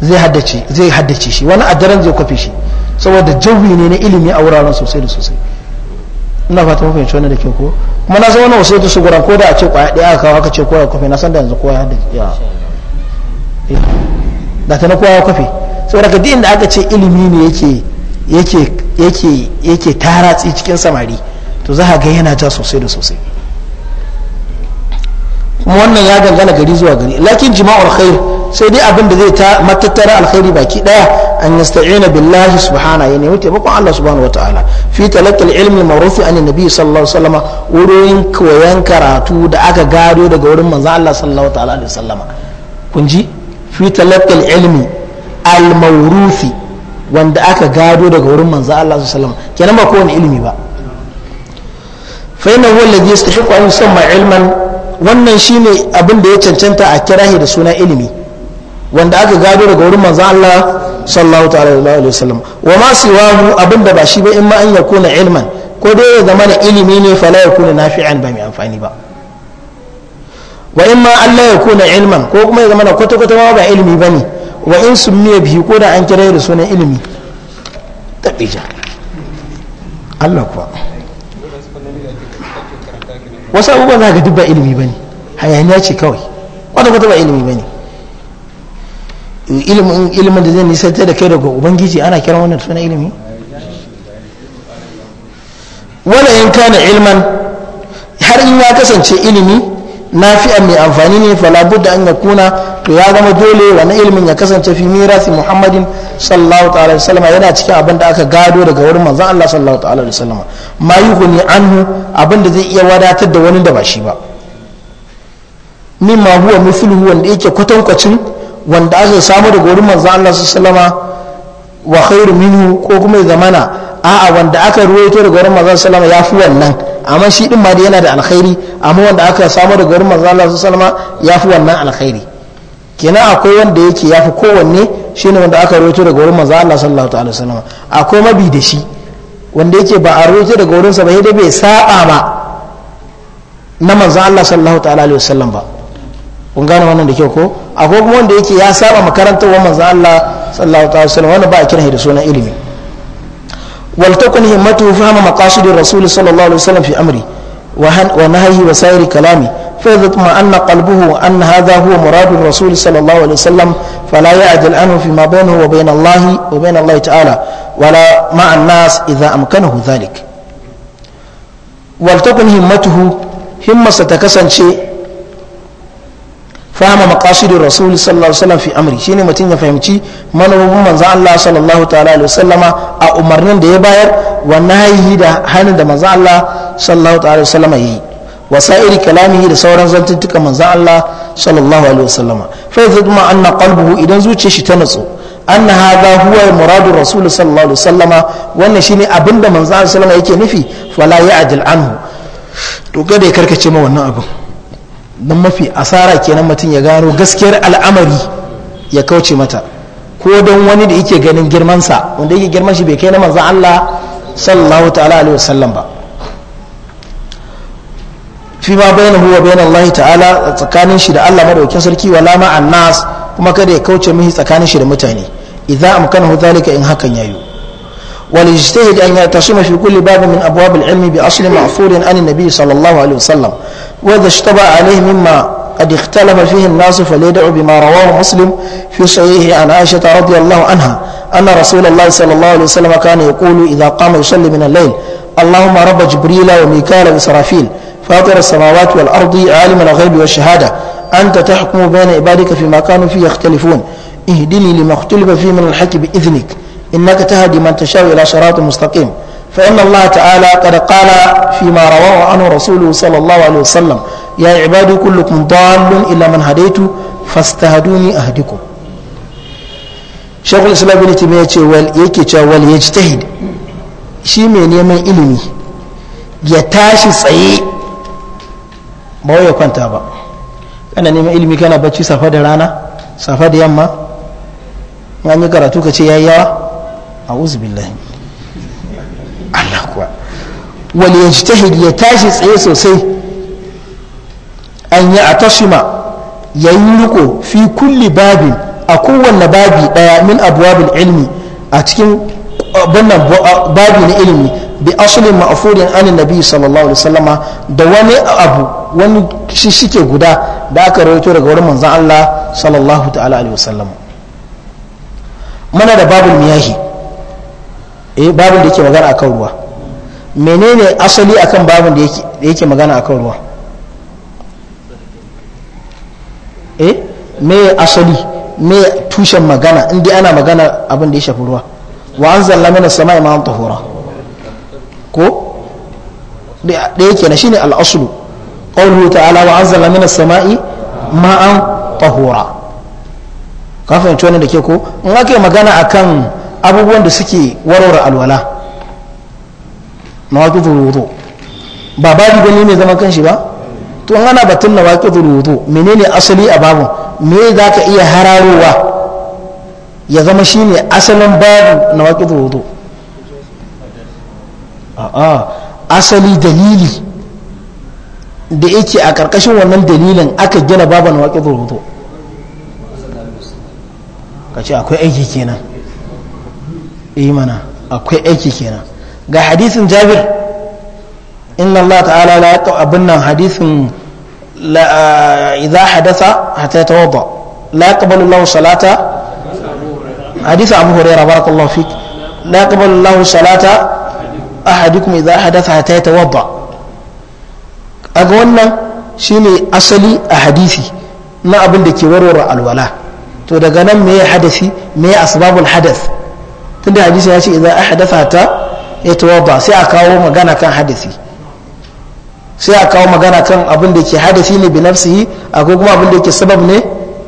zai haddace zai haddace shi wani a daren zai kwafe shi saboda jawi ne na ilimi a wuraren sosai da sosai ina fata mafi yanci wani da ke ko kuma na zama wasu yadda su guran ko da a ce kwaya ɗaya aka kawo aka ce kowa kwafi na san da yanzu kowa ya da ta na kowa kwafi saboda ka duk da aka ce ilimi ne yake yake yake yake cikin samari to za ga yana ja sosai da sosai kuma wannan ya dangana gari zuwa gari lakin jima'ul khair sai dai abin da zai ta matattara alkhairi baki daya an yasta'ina billahi subhana ya nemi taimakon Allah subhanahu wataala fi ilmi an sallallahu alaihi wurin koyan karatu da aka gado daga wurin manzo Allah sallallahu ta'ala alaihi kun ji fi ilmi al-mawruthi wanda aka gado daga wurin manzo Allah sallallahu alaihi kenan ba kowane ilimi ba fa inna huwa alladhi yastahiqu an yusamma ilman wannan shine abin da ya cancanta a kirahi da suna ilimi wanda aka gado daga wurin manzon Allah sallallahu ta'ala alaihi sallam wa ma siwahu abin da ba shi ba in ma an yakuna ilman ko dai ya zama na ilimi ne fa fala yakuna nafi'an ba mai amfani ba wa in ma Allah kuna ilman ko kuma ya zama na kwata kwata ba ilimi bane wa in miya bihi ko da an kira da suna ilimi tabija Allah kuwa wasu abubuwan za ka duk ba ilimi ba ne hayaniya ce kawai wata kwata ba ilimi ba ne ilimin da zai nisanta da kai daga ubangiji ana kiran wannan suna ilimi wala in kana ilman har in ya kasance ilimi nafi'a mai amfani ne fa labudda an ya kuna to ya zama dole na ilimin ya kasance fi mirasi muhammadin sallallahu ta'ala sallama yana cikin abin da aka gado daga wurin manzon Allah sallallahu ta'ala sallama ma yuhuni anhu abin da zai iya wadatar da wani da ba shi ba min ma huwa mithluhu wanda yake kwatankwacin wanda aka samu daga wurin manzon Allah sallallahu sallama wa khairu minhu ko kuma zamana a'a wanda aka ruwaito daga wurin manzon ya yafi wannan amma shi din ma da yana da alkhairi amma wanda aka samu daga wurin manzo Allah sallallahu ya fi wannan alkhairi kenan akwai wanda yake ya fi kowanne shine wanda aka rawaito daga wurin manzo Allah sallallahu alaihi wasallam akwai mabi da shi wanda yake ba a rawaito daga wurin sa ba yadda bai saba ba na manzo Allah sallallahu ta'ala alaihi wasallam ba kun gane wannan da kyau ko akwai kuma wanda yake ya saba makarantar wa manzo Allah sallallahu ta'ala alaihi wasallam wannan ba a kira da sunan ilimi ولتكن همته فهم مقاصد الرسول صلى الله عليه وسلم في أمري ونهيه وسائر كلامي فإذا اطمأن قلبه أن هذا هو مراد الرسول صلى الله عليه وسلم فلا يعدل عنه فيما بينه وبين الله وبين الله تعالى ولا مع الناس إذا أمكنه ذلك ولتكن همته همة ستكسن شيء fahama maqasidir rasul sallallahu alaihi wasallam fi amri shine mutum ya fahimci manufofin manzon Allah sallallahu ta'ala alaihi wasallama a umarnin da ya bayar wa nahyi da hanin da manzon Allah sallallahu ta'ala alaihi wasallama yi wa sa'iri kalamihi da sauran zantuttuka manzon Allah sallallahu alaihi wasallama fa yadhma anna qalbuhu idan zuciyar shi ta natsu anna hadha huwa muradu rasul sallallahu alaihi wasallama wannan shine abinda manzon Allah sallallahu alaihi yake nufi fala ya'dil anhu to kada ya karkace ma wannan abin don mafi asara kenan mutum ya gano gaskiyar al'amari ya kauce mata ko don wani da yake ganin girmansa wanda yake girman shi bai kai na manzan Allah sallallahu ta'ala alaihi wasallam ba fi ma bayna huwa bayna Allah ta'ala tsakanin shi da Allah madaukakin sarki wala ma annas kuma kada ya kauce mihi tsakanin shi da mutane idza amkanahu zalika in hakan yayu وليجتهد أن يعتصم في كل باب من أبواب العلم بأصل معفور عن النبي صلى الله عليه وسلم وإذا اشتبع عليه مما قد اختلف فيه الناس فليدعو بما رواه مسلم في صحيحه عن عائشة رضي الله عنها أن رسول الله صلى الله عليه وسلم كان يقول إذا قام يصلي من الليل اللهم رب جبريل وميكال وإسرافيل فاطر السماوات والأرض عالم الغيب والشهادة أنت تحكم بين عبادك فيما كانوا فيه يختلفون اهدني لما اختلف فيه من الحق بإذنك إنك تهدي من تشاء إلى شراط مستقيم فإن الله تعالى قد قال فيما رواه عنه رسوله صلى الله عليه وسلم يا عبادي كلكم ضال إلا من هديت فاستهدوني أهدكم shekul islam bin timiya ce yake cewa wal ya jitahid shi mai neman ilimi ya tashi tsaye ba ya kwanta ba kana neman ilimi kana bacci safa da rana safa da yamma an yi karatu ka ce yayi yawa a Allah kuwa wani ya ji ya tashi tsaye sosai an yi a tashima ya yi riko fi kulli babi a kowanne babi daya min abuwabin ilmi a cikin bannan babi na ilimi bi asulin ma'afurin anin nabi sallallahu alaihi wasallama da wani abu wani shike guda da aka rawaito daga wurin manzan Allah sallallahu ta'ala alaihi wasallama Mana da babul miyahi eh babin da yake magana akan ruwa menene asali akan babin da yake magana akan ruwa eh me asali me tushen magana inda ana magana abin da ya shafi ruwa wa an zalla mana sama imam tahura ko da yake na shine al'asulu qawluhu ta'ala wa an zalla mana sama'i ma'an tahura ka fahimci wannan da ke ko in aka yi magana akan abubuwan da suke warware alwala na waƙidul wudu ba babu gani mai zaman kanshi ba to an ana batun na waƙidul wudu menene asali a babu me za ka iya hararowa ya zama shine asalin babu na waƙidul wudu a'a asali dalili da yake a ƙarƙashin wannan dalilin aka gina babu na waƙidul wudu ka ce akwai aiki kenan imana eh akwai aiki kenan ga hadisin jabir inna Allah ta'ala la yaqau abin nan hadisin la idza hadatha hatta tawadda la yaqbalu Allah salata hadisi Abu Hurairah barakallahu fik la yaqbalu Allah salata ahadukum idza hadasa hatta tawadda aga wannan shine asali a hadisi na abin da ke warware alwala to daga nan me ya hadasi me ya asbabul hadath tunda hadisi ya ce idan hadasa ta ya yatawadda sai a kawo magana kan hadisi sai a kawo magana kan abin da ke hadasi ne bi nafsihi akwai kuma abin da ke sabab ne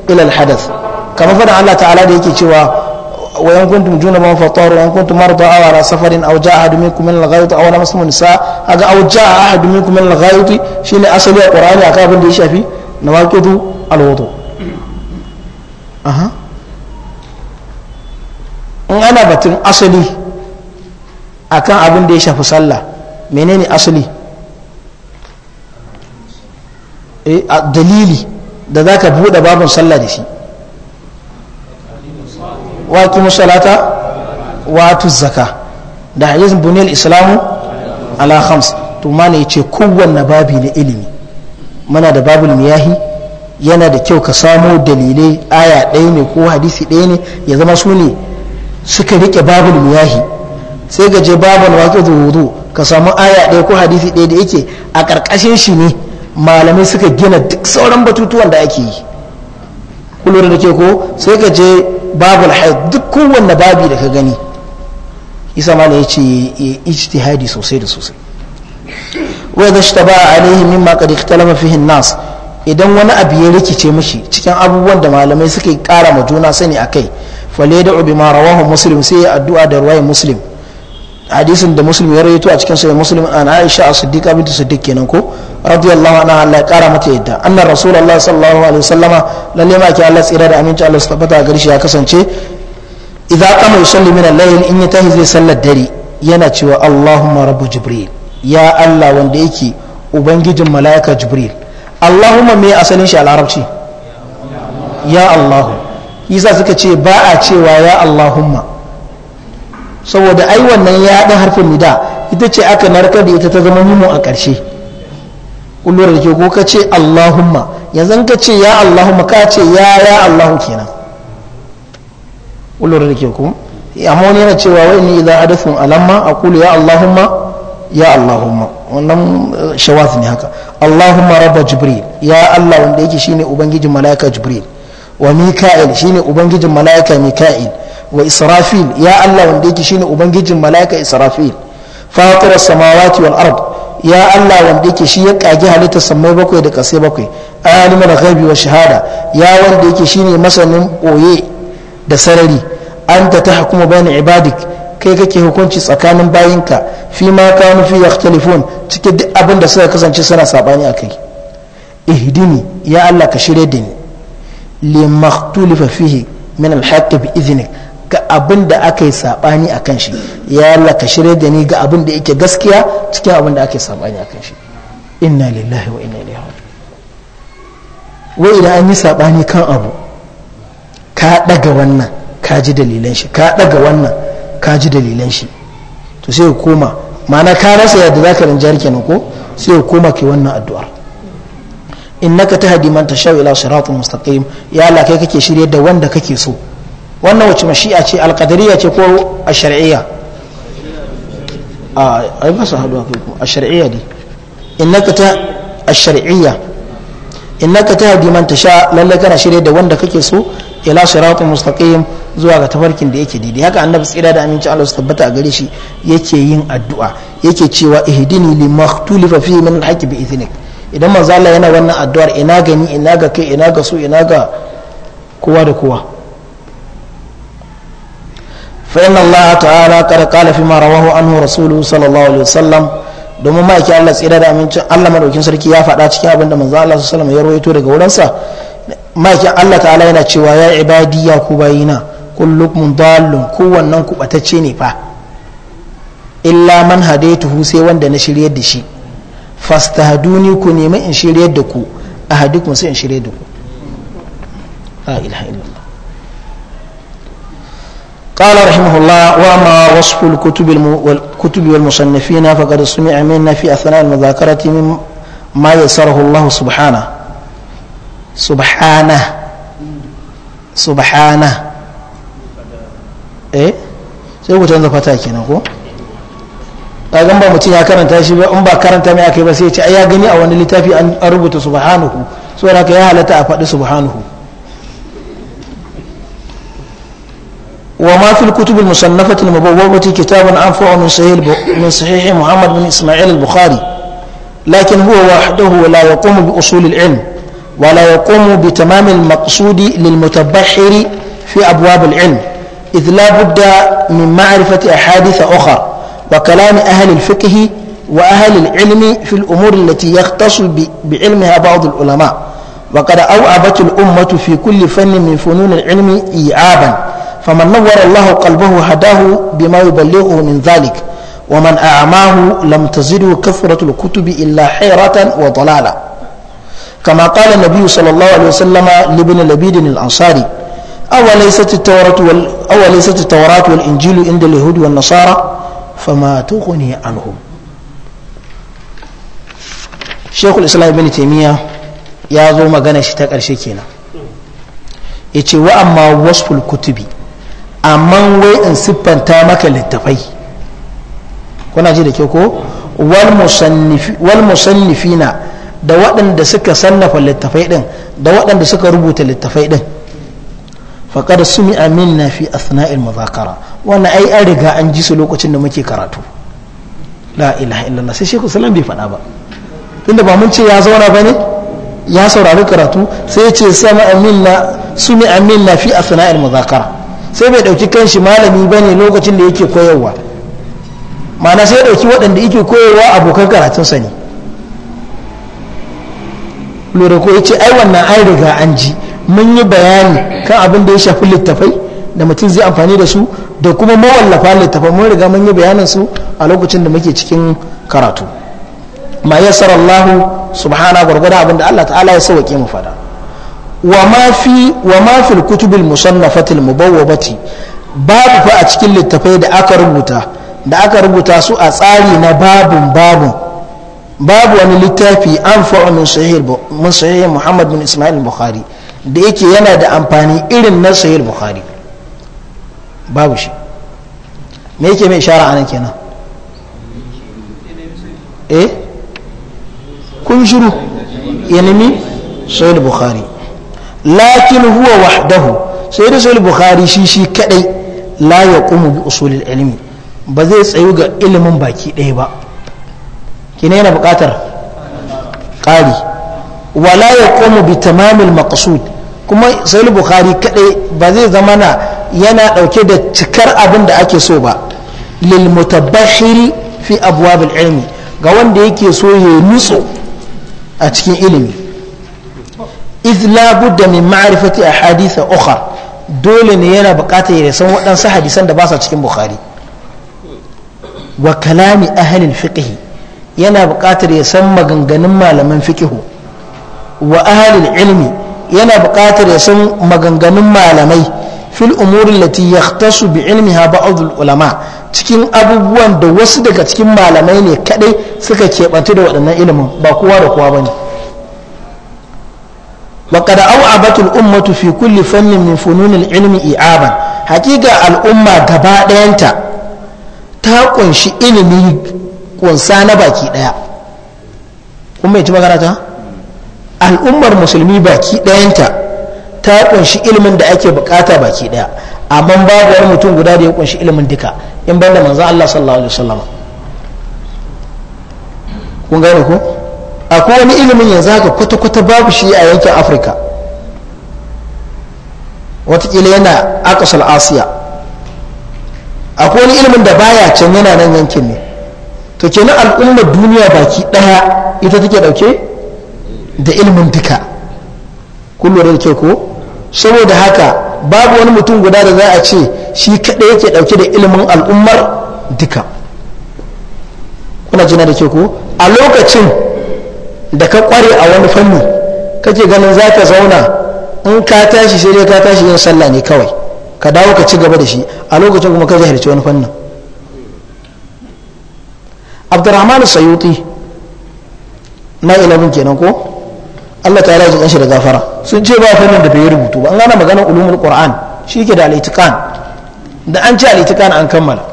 ilal hadas kamar fadan Allah ta'ala da yake cewa wa in kuntum junuban fataru wa in kuntum marda aw ala safarin aw jaa ahadun minkum min al-ghayt aw lam yasmu nisa aga aw jaa ahadun minkum min al-ghayt shine asali a qur'ani akan abin da ya shafi nawaqidu al-wudu aha ana batun asali akan abin da ya shafi sallah menene asali eh, a dalili da za ka buɗe babin sallah da shi waki musalata watu zaka da hadisin buniyar islamu alhams khams to mana ya ce kowanne babi na ilimi mana da babin miyahi yana da kyau ka samo dalilai aya ɗaya ne ko hadisi ɗaya ne ya zama su ne suka rike babul miyahi sai kaje babul babul da wudu ka samu aya ɗaya ko hadisi ɗaya da yake a ƙarƙashin shi ne malamai suka gina duk sauran batutuwan da ake yi kullum da ke ko sai gaje babul haid duk kowanne babi da ka gani isa malam ya ce ijtihadi sosai da sosai wa idha a alayhi mimma qad ta fihi fihin nas idan wani abu ya rikice mishi cikin abubuwan da malamai suka ƙara ma juna sani a kai. falyad'u bima rawahu muslim sai ya addu'a da ruwayi muslim hadisin da muslim ya rayu a cikin sahih muslim an aisha as-siddiqa bint siddiq kenan ko radiyallahu anha Allah ya kara mata yadda anna rasulullahi sallallahu alaihi wasallama lalle ma ke Allah tsira da aminci Allah tabbata gare shi ya kasance idza qama yusalli min al-layl in yatahi zai sallar dare yana cewa Allahumma rabu jibril ya Allah wanda yake ubangijin mala'ika jibril Allahumma me asalin shi a larabci ya Allahu. yasa suka ce ba a cewa ya Allahumma saboda ai wannan ya ɗan harfin nida ita ce aka narkar da ita ta zama mimo a ƙarshe kullura da ke ko ka ce Allahumma yanzu ka ce ya Allahumma ka ce ya ya Allahu kenan kullura da ke ku. Eh, amma wani yana cewa wani ni idan adathun alamma aqulu ya Allahumma ya Allahumma wannan eh, shawaz ne haka Allahumma rabba jibril ya Allah wanda yake shine ubangijin malaika jibril wa mika'il shine ubangijin mala'ika mika'il wa israfil ya Allah wanda yake shine ubangijin mala'ika israfil fatir samawati wal ard ya Allah wanda yake shi ya kage halitta samai bakwai da kasai bakwai alimul ghaibi wa shahada ya wanda yake shine masanin boye da sarari anta tahkumu bayna ibadik kai kake hukunci tsakanin bayinka fi ma kanu fi yakhtalifun cikin duk abin da suka kasance suna sabani akai ihdini ya Allah ka shirye da ni lima ikhtulifa fihi min alhaqqi bi iznik ga abin da aka yi sabani akan shi ya Allah ka shirye da ni ga abin da yake gaskiya cikin abin da aka yi sabani akan shi inna lillahi wa inna ilaihi raji'un wai idan an yi sabani kan abu ka daga wannan ka ji dalilan shi ka daga wannan ka ji dalilan shi to sai ya koma ma'ana ka rasa yadda zaka rinjar kenan ko sai ya koma ke wannan addu'ar innaka tahdi man tashau ila siratin mustaqim ya Allah kai kake shirye da wanda kake so wannan wace mashi'a ce alqadariya ce ko ash-shar'iyya a ai ba su haɗu akai ko ash-shar'iyya ne innaka ta ash-shar'iyya innaka tahdi man tasha lalle kana shirye da wanda kake so ila siratin mustaqim zuwa ga tafarkin da yake daidai haka annabi tsira da aminci Allah su tabbata a gare shi yake yin addu'a yake cewa ihdini limaktulifa fihi min al-haqqi bi idhnik idan manzo Allah yana wannan addu'ar ina gani ina ga kai ina ga su ina ga kowa da kowa fa inna Allah ta'ala qad qala fi ma rawahu anhu rasuluhu sallallahu alaihi wasallam domin ma'aiki Allah tsira da amincin Allah madaukin sarki ya faɗa cikin abin da manzo Allah sallallahu alaihi wasallam ya rawaito daga wurinsa ma'aikin Allah ta'ala yana cewa ya ibadi ya ku bayina kullukum dallun kowannen ku batacce ne fa illa man hadaituhu sai wanda na shiryar da shi فاستهدوني ku nemi in shirye da ku ahadukum sai in shirye da ku قال رحمه الله وما وصف الكتب والكتب والمصنفين فقد سمع منا في اثناء المذاكره من ما يسره الله سبحانه سبحانه سبحانه ايه سيقول تنظر فتاكي نقول kagan ba mutum ya karanta shi ba in ba karanta mai aka yi ba sai ce ya gani a wani littafi an rubuta subhanahu saboda ka ya halatta a faɗi subhanahu wa ma fil kutub al musannafat al mubawwati kitaban an fa'a muhammad bin isma'il al lakin huwa wahdahu la yaqumu bi usul al ilm wa la yaqumu bi tamam al maqsud lil mutabahhir fi abwab al ilm idh la budda min ma'rifati ahadith ukhra وكلام أهل الفقه وأهل العلم في الأمور التي يختص بعلمها بعض العلماء وقد أوعبت الأمة في كل فن من فنون العلم إيعابا فمن نور الله قلبه هداه بما يبلغه من ذلك ومن أعماه لم تزده كثرة الكتب إلا حيرة وضلالة كما قال النبي صلى الله عليه وسلم لابن لبيد الأنصاري أوليست التوراة, وال... أوليست التوراة والإنجيل عند اليهود والنصارى fama tughni alhu Sheikhul Islam Ibn taimiyya ya zo magana shi ta ƙarshe kenan yace wa amma wasful kutubi amma wai in siffanta maka littafai kuna ji da ke ko wal musannifina da waɗanda suka sannafa littafai ɗin da waɗanda suka rubuta littafai ɗin faƙad sumi amin na fi asna'il muzakara wannan ai an riga an ji su lokacin da muke karatu la ilaha illallah sai shekul salam bai faɗa ba tunda ba mun ce ya zauna ba ne ya saurari karatu sai ce sama aminna sumi aminna fi asna'il muzakara sai bai ɗauki kanshi malami ba ne lokacin da yake koyarwa ma'ana sai ya ɗauki waɗanda yake koyarwa abokan karatun sa ne lura ko ce ai wannan ai riga an ji mun yi bayani kan abin da ya shafi littafai da mutum zai amfani da su da kuma mawallafa littafai mun riga mun yi bayanin su a lokacin da muke cikin karatu ma yassar Allah subhana gwargwada abin da Allah ta'ala ya sauke mu fada wa ma fi wa ma fil kutubil musannafatil mubawwabati babu fa a cikin littafai da aka rubuta da aka rubuta su a tsari na babun babun babu wani littafi an fa'a min sahih muhammad bin isma'il bukhari da yake yana da amfani irin na sahih bukhari babu shi me yake mai ishara anan kenan eh kun shiru yanimi sahih bukhari lakin huwa wahdahu sai da sahih bukhari shi shi kadai la yaqumu bi usulil ilmi ba zai tsayu ga ilimin baki ɗaya ba kina yana buƙatar ƙari wala ya komu bi tamamil maqsud kuma sahih bukhari kadai ba zai zama na yana dauke da cikar abin da ake so ba lil mutabahiri fi abwabil ilmi ga wanda yake so ya nutso a cikin ilimi iz la budda min ma'rifati ahadith ukhra dole ne yana bukatar ya san waɗansu hadisan da ba sa cikin bukhari wa kalami ahlil fiqh yana bukatar ya san maganganun malaman fiqh wa ahlil ilmi yana buƙatar ya san maganganun malamai fil umurin lati yaktasu bi ilmiha ba'adul ulama cikin abubuwan da wasu daga cikin malamai ne kadai suka keɓantu da waɗannan ilimin ba kowa da kowa bane wa qad aw'abat al ummatu fi kulli fannin min funun al ilmi i'aban haqiqa al umma gaba ɗayanta ta kunshi ilimi kunsa na baki daya kuma yaji magana ta al'ummar musulmi baki ɗayanta ta kunshi ilimin da ake bukata baki ɗaya amma babu wani mutum guda da ya kunshi ilimin duka in banda manzo Allah sallallahu alaihi wasallam kun gane ko akwai wani ilimin yanzu haka kwata-kwata babu shi a yankin afirka watakila yana akasal asiya akwai wani ilimin da baya can yana nan yankin ne to kenan al'ummar duniya baki daya ita take dauke da ilmin duka kun da ke ko saboda haka babu wani mutum guda da za a ce shi kaɗai yake ɗauke da ilimin al'ummar duka kuna jina da ke ko a lokacin da ka ƙware a wani fanni kake ganin za ka zauna in ka tashi sai dai ka tashi yin sallah ne kawai ka dawo ka ci gaba da shi a lokacin kuma ka zahirci wani fannin abdurrahman sayuti na ilabin kenan ko Allah ta ya jikan shi da gafara sun ce ba fannin da bai rubutu ba an gana maganar ulumul qur'an shike da da alitikan da an ce alitikan an kammala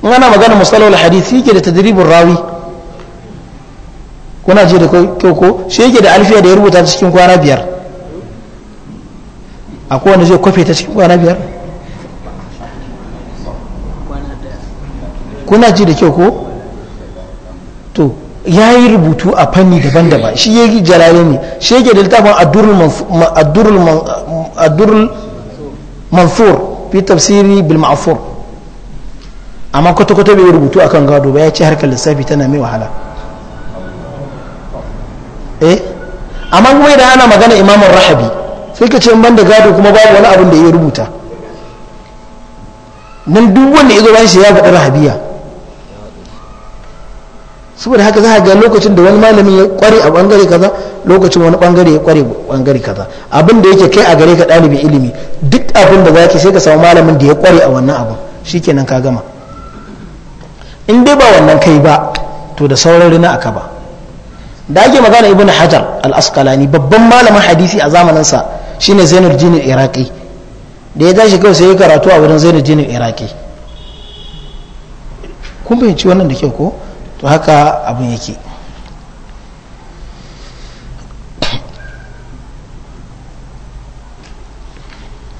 an gane maganar musalawul hadith shike ke da tadribul rawi kuna ji da kyau ko shike da alfiya da ya rubuta cikin kwana biyar akwai wanda zai kwafe ta cikin kwana biyar kuna ji da kyau ko to ya yi rubutu a fanni daban-daban shi ya yi jalale ne shi ke da littafin adurul manfur fi tafsiri bil ma'fur amma kwata-kwata bai rubutu akan gado ba ya ce harkar lissafi tana mai wahala eh amma kuma idan ana magana imamun rahabi sai ka ce ban da gado kuma babu wani abin da ya rubuta nan duk wanda ya zo bayan shi ya faɗi rahabiya saboda haka za a ga lokacin da wani malami ya kware a bangare kaza lokacin wani bangare ya kware bangare kaza abin da yake kai a gare ka dalibi ilimi duk abin da zaki sai ka samu malamin da ya kware a wannan abu shikenan ka gama in dai ba wannan kai ba to da sauran rina aka ba da ake magana ibnu hajar al-asqalani babban malamin hadisi a zamanin sa shine jinin iraqi da ya tashi kawai sai ya karatu a wurin jinin iraqi kun fahimci wannan da kyau ko to haka abin yake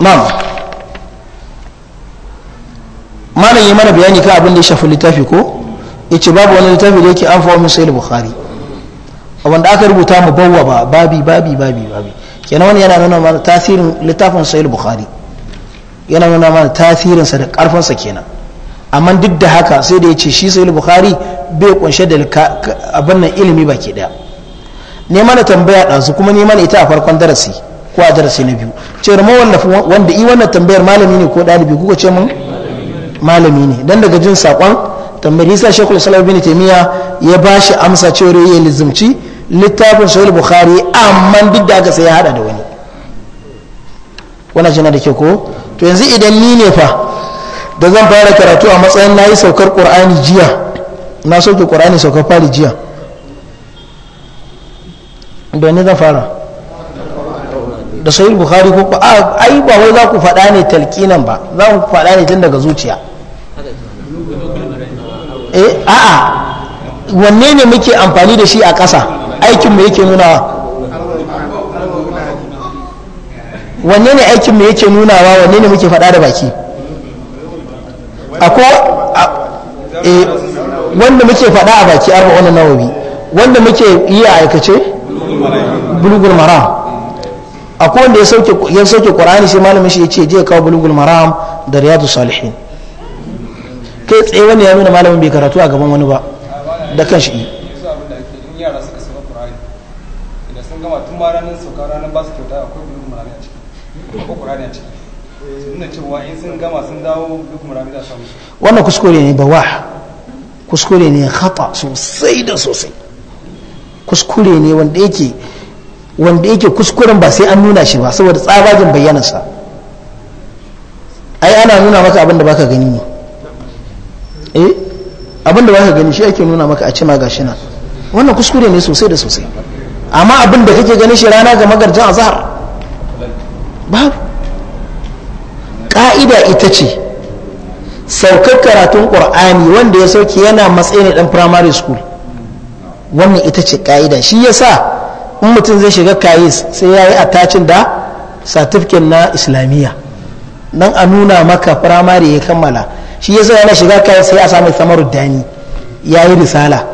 na'am malam yi mana bayani kan abin da ya shafi littafi ko ya ce babu wani littafi da yake an fawo min sayar bukhari wanda aka rubuta mu bawwa ba babi babi babi babi kenan wani yana nuna mana tasirin littafin sayar bukhari yana nuna mana tasirinsa sa da karfansa kenan amma duk da haka sai da ya ce shi sahih bukhari bai kunshe da abin nan ilimi baki daya ne mana tambaya ɗansu kuma ne mana ita a farkon darasi ko a darasi na biyu ce rama wanda i wannan tambayar malami ne ko ɗalibi kuka ce mun malami ne dan daga jin saƙon tambayar isa shekul salam bin taimiyya ya ba shi amsa cewar ya lizimci littafin sahih bukhari amma duk da haka sai ya hada da wani wannan jina da ke ko to yanzu idan ni ne fa da zan fara karatu a matsayin na yi saukar ƙur'ani jiya na sauke ƙur'ani saukar fari jiya da ne zan fara da sahih bukhari ko ai ba wai za ku faɗa ne talqinan ba za ku faɗa ne tun daga zuciya eh a'a wanne ne muke amfani da shi a ƙasa aikin mu yake nunawa wanne ne aikin mu yake nunawa wanne ne muke faɗa da baki Eh, wanda muke faɗa a baki arba wani nawawi wanda muke iya aikace bulugul maram akwai wanda ya sauke ƙwarani sai malamin shi ya ce je kawo bulugul maram da riyadu salihin kai tsaye wani ya nuna malamin bai karatu a gaban wani ba da kan shi nuna cewa in sun gama sun dawo duk murami za samu wannan kuskure ne bawa kuskure ne hata sosai da sosai kuskure ne wanda yake wanda yake kuskuren ba sai an nuna shi ba saboda tsabajin bayyanarsa ai ana nuna maka abin da baka gani ne eh abin da baka gani shi ake nuna maka a cima gashi nan wannan kuskure ne sosai da sosai amma abin da kake ganin shi rana ga magarjan azhar babu ƙa'ida ita ce saukar karatun ƙur'ani wanda ya sauke yana matsayin ɗan primary school wannan ita ce ƙa'ida shi ya sa in mutum zai shiga kayis sai ya yi attacin da satifikin na islamiyya nan a nuna maka firamare ya kammala shi ya sa yana shiga kayis sai a samu samar dani ya yi risala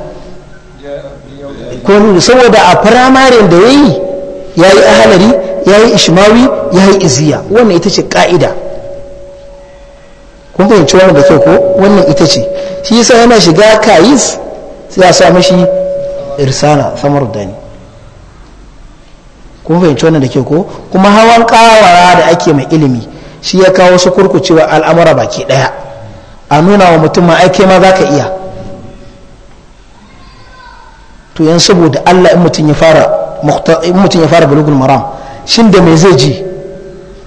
saboda a firamare da ya yi ya yi ahalari ya yi ishmawi ya yi iziya wannan ita ce ƙa'ida kun fahimci wannan da kyau ko wannan ita ce shi yasa yana shiga kayis sai a sa mashi irsana samar dani kun fahimci wannan da kyau ko kuma hawan kawara da ake mai ilimi shi ya kawo su kurkucewa al'amura baki daya a nuna wa mutum ma aike ma za ka iya to yan saboda allah in mutum ya fara in mutum ya fara bulugul maram shin da mai zai ji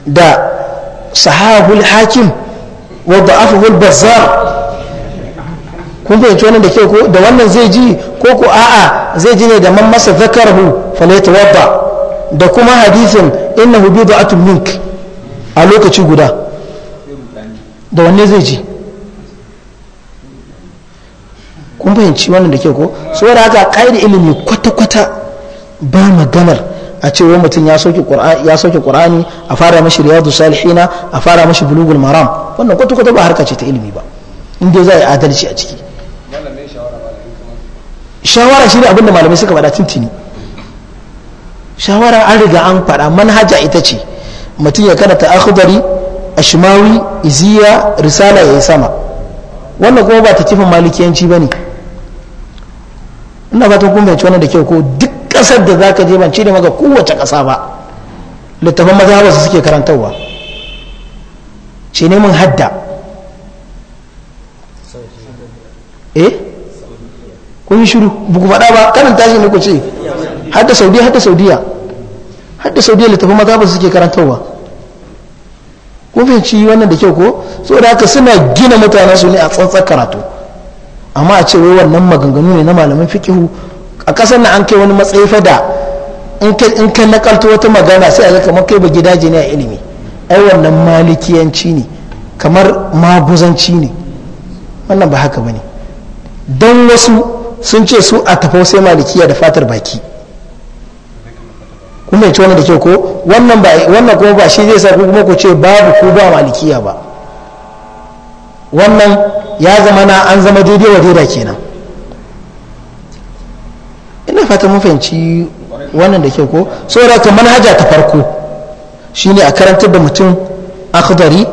da sahabul hakim wadda afuhul bazzar kun fahimci wannan da ke ko da wannan zai ji ko ko a'a zai ji ne da man masa zakarhu falaita wadda da kuma hadisin innahu bid'atun mink a lokaci guda da wanne zai ji kun fahimci wannan da ke ko saboda haka ƙa'idar ilimi kwata-kwata ba maganar a ce wai mutum ya sauke ƙura'ani a fara mashi riyadu salihina a fara mashi bulugul maram wannan kwata ba harka ce ta ilimi ba in za a yi adalci a ciki shawara shi ne abinda malamai suka faɗa tuntuni shawara an riga an faɗa manhaja ita ce mutum ya karanta akhdari ashmawi iziya risala ya yi sama wannan kuma ba ta tifin malikiyanci ba ne ina fatan kun bayanci wannan da kyau ko duk ƙasar da za ka je ban cire maka kowace ƙasa ba littafin maza ba su suke karantarwa ce neman hadda eh kun yi shiru buku faɗa ba kanan tashi ne ku ce hadda saudiya hadda saudiya hadda saudiya littafi maza ba suke karantarwa kun fahimci wannan da kyau ko da haka suna gina mutanen su ne a tsantsar karatu amma a ce wannan maganganu ne na malamin fikihu a ƙasar na an kai wani matsayi fada in ka nakalto wata magana sai a zaka kamar kai ba gidaje ne a ilimi ai wannan malikiyanci ne kamar maguzanci ne wannan ba haka bane don wasu sun ce su a tafau sai malikiya da fatar baki kuma ce wannan da ke ko wannan kuma ba shi zai sa kuma ku ce babu ku ba malikiya ba wannan ya zama na an zama daidai wa daida kenan ina fata mun fahimci wannan da ke ko saboda kamar haja ta farko ne a karantar da mutum akhdari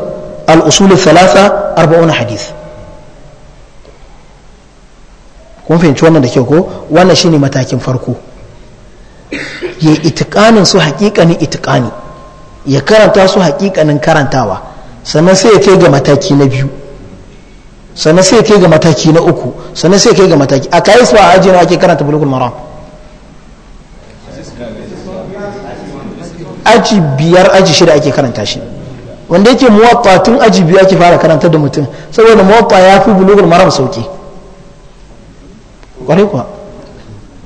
al-usul thalatha 40 hadith kun fahimci wannan da ke ko wannan shi ne matakin farko ya itikanin su hakikanin itikani ya karanta su haƙiƙanin karantawa sannan sai ya kai ga mataki na biyu sannan sai ya kai ga mataki na uku sannan sai ya kai ga mataki a kayi su a ajiye ake karanta bulugul maram aji biyar aji shida ake karanta shi wanda yake muwatta tun aji biyu ake fara karanta da mutum saboda muwatta ya fi bulugul maram sauki kwarai kuwa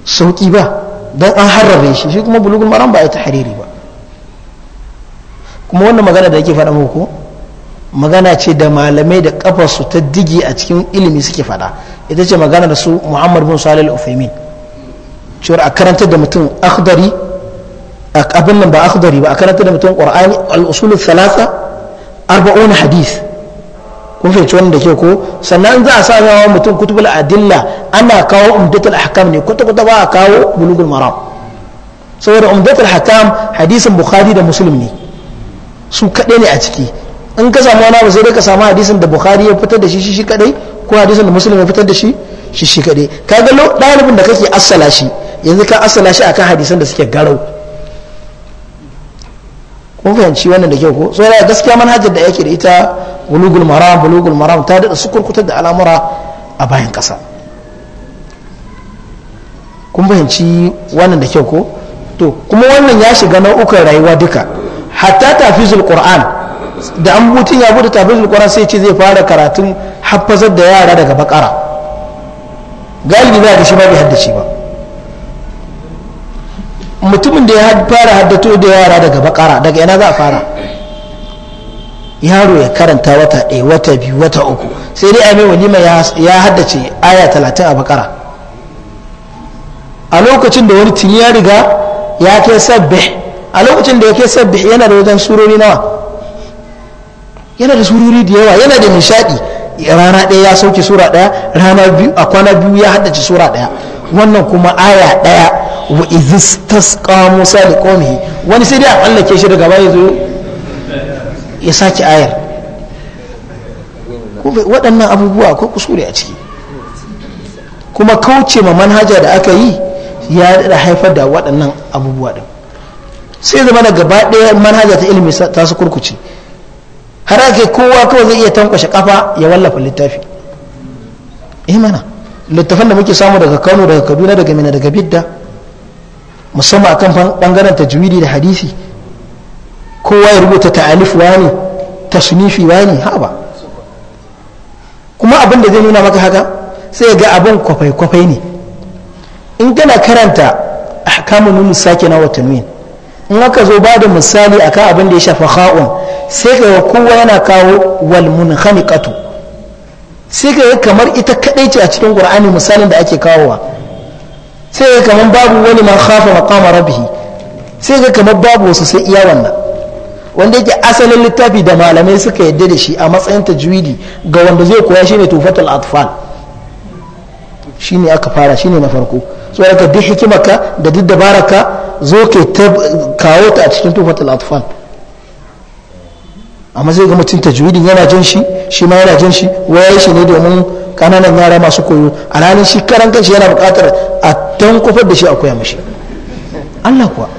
sauki ba don an harrabe shi shi kuma bulugul maram ba a yi ta hariri ba kuma wannan magana da ake faɗa muku magana ce da malamai da ƙafarsu ta digi a cikin ilimi suke faɗa ita ce magana da su muhammad bin salih al-ufaimin cewar a karantar da mutum akhdari abin nan ba akhbari ba a karanta da mutum qur'ani al-usul thalatha 40 hadith kun fahimci wannan da ke ko sannan za a sami wa mutum kutubul adilla ana kawo umdatul ahkam ne kwata kwata ba a kawo bulugul maram saboda umdatul hakam hadisin bukhari da muslim ne su kadai ne a ciki in ka samu wani abu sai dai ka samu hadisin da bukhari ya fitar da shi shi kadai ko hadisin da muslim ya fitar da shi shi shi kadai ka kaga ɗalibin da kake assala shi yanzu ka assala shi akan hadisan da suke garau kun fahimci wannan da kyau ko so da gaskiya manhajar da yake da ita bulugul maram bulugul maram ta daɗa su kurkutar da al'amura a bayan ƙasa kun fahimci wannan da kyau ko to kuma wannan ya shiga nau'ukan rayuwa duka hatta tafizul qur'an da an mutum ya bude tafizul qur'an sai ce zai fara karatun haffazar da yara daga bakara galibi za ga shi ba bai haddace ba mutumin da ya fara haddato da yara daga bakara daga yana za a fara yaro ya karanta wata ɗaya wata biyu wata uku sai dai mai walima ya haddace aya talatin a bakara a lokacin da wani tuni ya riga ya ke sabbe a lokacin da ya ke sabbe yana da wajen surori nawa yana da surori da yawa yana da nishadi rana ɗaya ya sauke sura ɗaya rana biyu a kwana biyu ya haddace sura ɗaya wannan kuma aya ɗaya wa izis tasqa musa da wani sai dai a tsallake shi daga baya zo ya sake ayar waɗannan abubuwa akwai kusuri a ciki kuma kauce ma manhaja da aka yi ya da haifar da waɗannan abubuwa din sai zama da gaba ɗaya manhaja ta ilimi ta su kurkuce har ake kowa kawai zai iya tankwashe kafa ya wallafa littafi eh mana littafan da muke samu daga kano daga kaduna daga mina daga bidda musamman akan bangaren tajwidi da hadisi kowa ya rubuta ta'alif wani tasnifi wani haba kuma abin da zai nuna maka haka sai ga abin kwafai-kwafai ne in kana karanta ahkamun nun sake na watanwin in aka zo ba da misali akan abin da ya shafa kha'un sai ga kowa yana kawo wal munkhaniqatu sai ga kamar ita kadai ce a cikin qur'ani misalin da ake kawowa sai ga kamar babu wani ma khafa maqama rabbihi sai ga kamar babu wasu sai iya wannan wanda yake asalin littafi da malamai suka yadda da shi a matsayin tajwidi ga wanda zai koya shine tufatul atfal shine aka fara shine na farko so aka duk hikimarka da duk baraka zo ke kawo ta a cikin tufatul atfal amma zai ga mutum tajwidin yana jin shi shi ma yana jin shi waye shi ne domin kananan yara masu koyo a ranar shi karan kanshi yana buƙatar a tankufar da shi a koya mashi Allah kuwa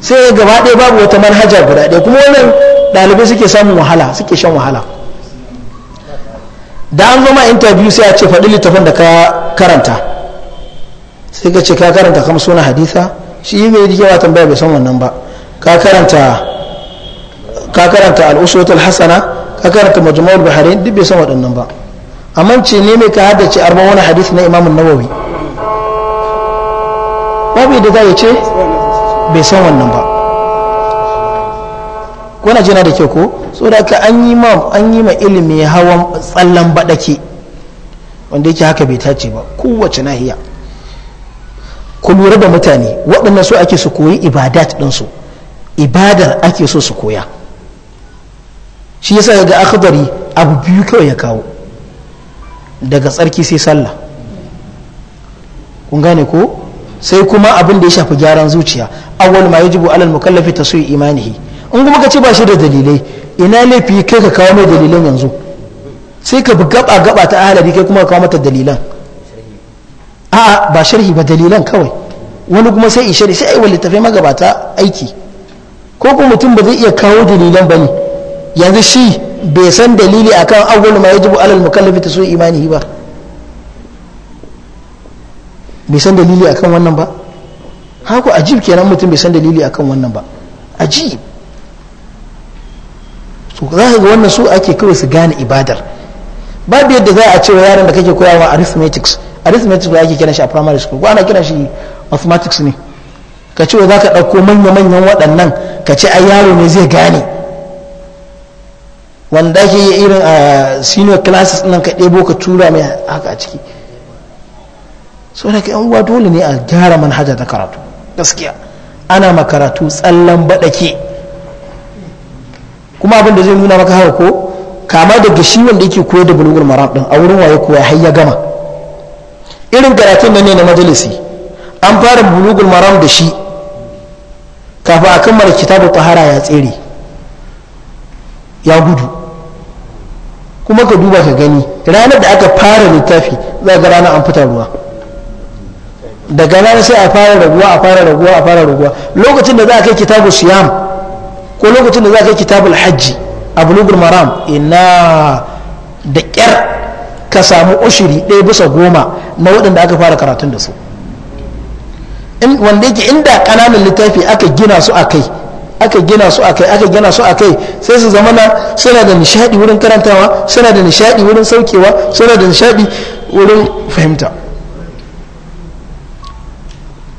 sai gaba ɗaya babu wata manhaja guda ɗaya kuma wannan ɗalibai suke samun wahala suke shan wahala da an zama interview sai a ce faɗi littafin da ka karanta sai ka ce ka karanta kama suna haditha shi yi mai rikewa tambaya bai san wannan ba ka karanta ka karanta hasana ka karanta majmu'ul baharin duk bai san waɗannan ba amma ce ne mai ka haddace arba wani hadith na imamun nawawi babu da za ya ce bai san wannan ba kuna jina da ke ko so da ka an yi ma an yi ma ilimi hawan tsallan baɗake wanda yake haka bai tace ba kowace nahiya ku lura da mutane waɗannan so ake su koyi ibadat ɗinsu ibadar ake so su koya shi yasa ga akhdari abu biyu kawai ya kawo daga tsarki sai sallah kun gane ko sai kuma abin da ya shafi gyaran zuciya awwal ma yajibu alal mukallafi tasu imanihi in kuma ka ce ba shi da dalilai ina laifi kai ka kawo mai dalilan yanzu sai ka bi gaba gaba ta ahalari kai kuma ka kawo mata dalilan a ba sharhi ba dalilan kawai wani kuma sai sharhi sai aiwa littafai magabata aiki ko kuma mutum ba zai iya kawo dalilan ba ne yanzu shi bai san dalili akan awwal ma ya jibu alal mukallafi ta so imanihi ba bai san dalili akan wannan ba haku ajib kenan mutum bai san dalili akan wannan ba ajib so za ka ga wannan su ake kawai su gane ibadar babu yadda za a cewa yaran da kake koyawa arithmetics arithmetics ba ake kiran shi a primary school ko ana kiran shi mathematics ne ka ce za ka ɗauko manya-manyan waɗannan ka ce a yaro ne zai gane wanda ake yi irin a senior classes nan ka ɗebo ka tura mai haka a ciki so da yan uwa dole ne a gyara manhaja ta karatu gaskiya ana makaratu tsallan baɗake kuma abin da zai nuna maka haka ko kama da shi wanda yake koyar da bulugul maram ɗin a wurin waye koya har ya gama irin karatun da ne na majalisi an fara bulugul maram da shi kafin a kammala kitabu tahara ya tsere ya gudu kuma ka duba ka gani ranar da aka fara littafi za ga ranar an fita ruwa daga nan sai a fara raguwa a fara raguwa a fara raguwa lokacin da za a kai kitabu siyam ko lokacin da za a kai kitabu hajji a bulugul maram ina da kyar ka samu ushiri ɗaya bisa goma na waɗanda aka fara karatun da su wanda yake inda ƙananan littafi aka gina su a kai aka gina su akai aka gina su akai sai su zama na suna da nishadi wurin karantawa suna da nishadi wurin saukewa suna da nishadi wurin fahimta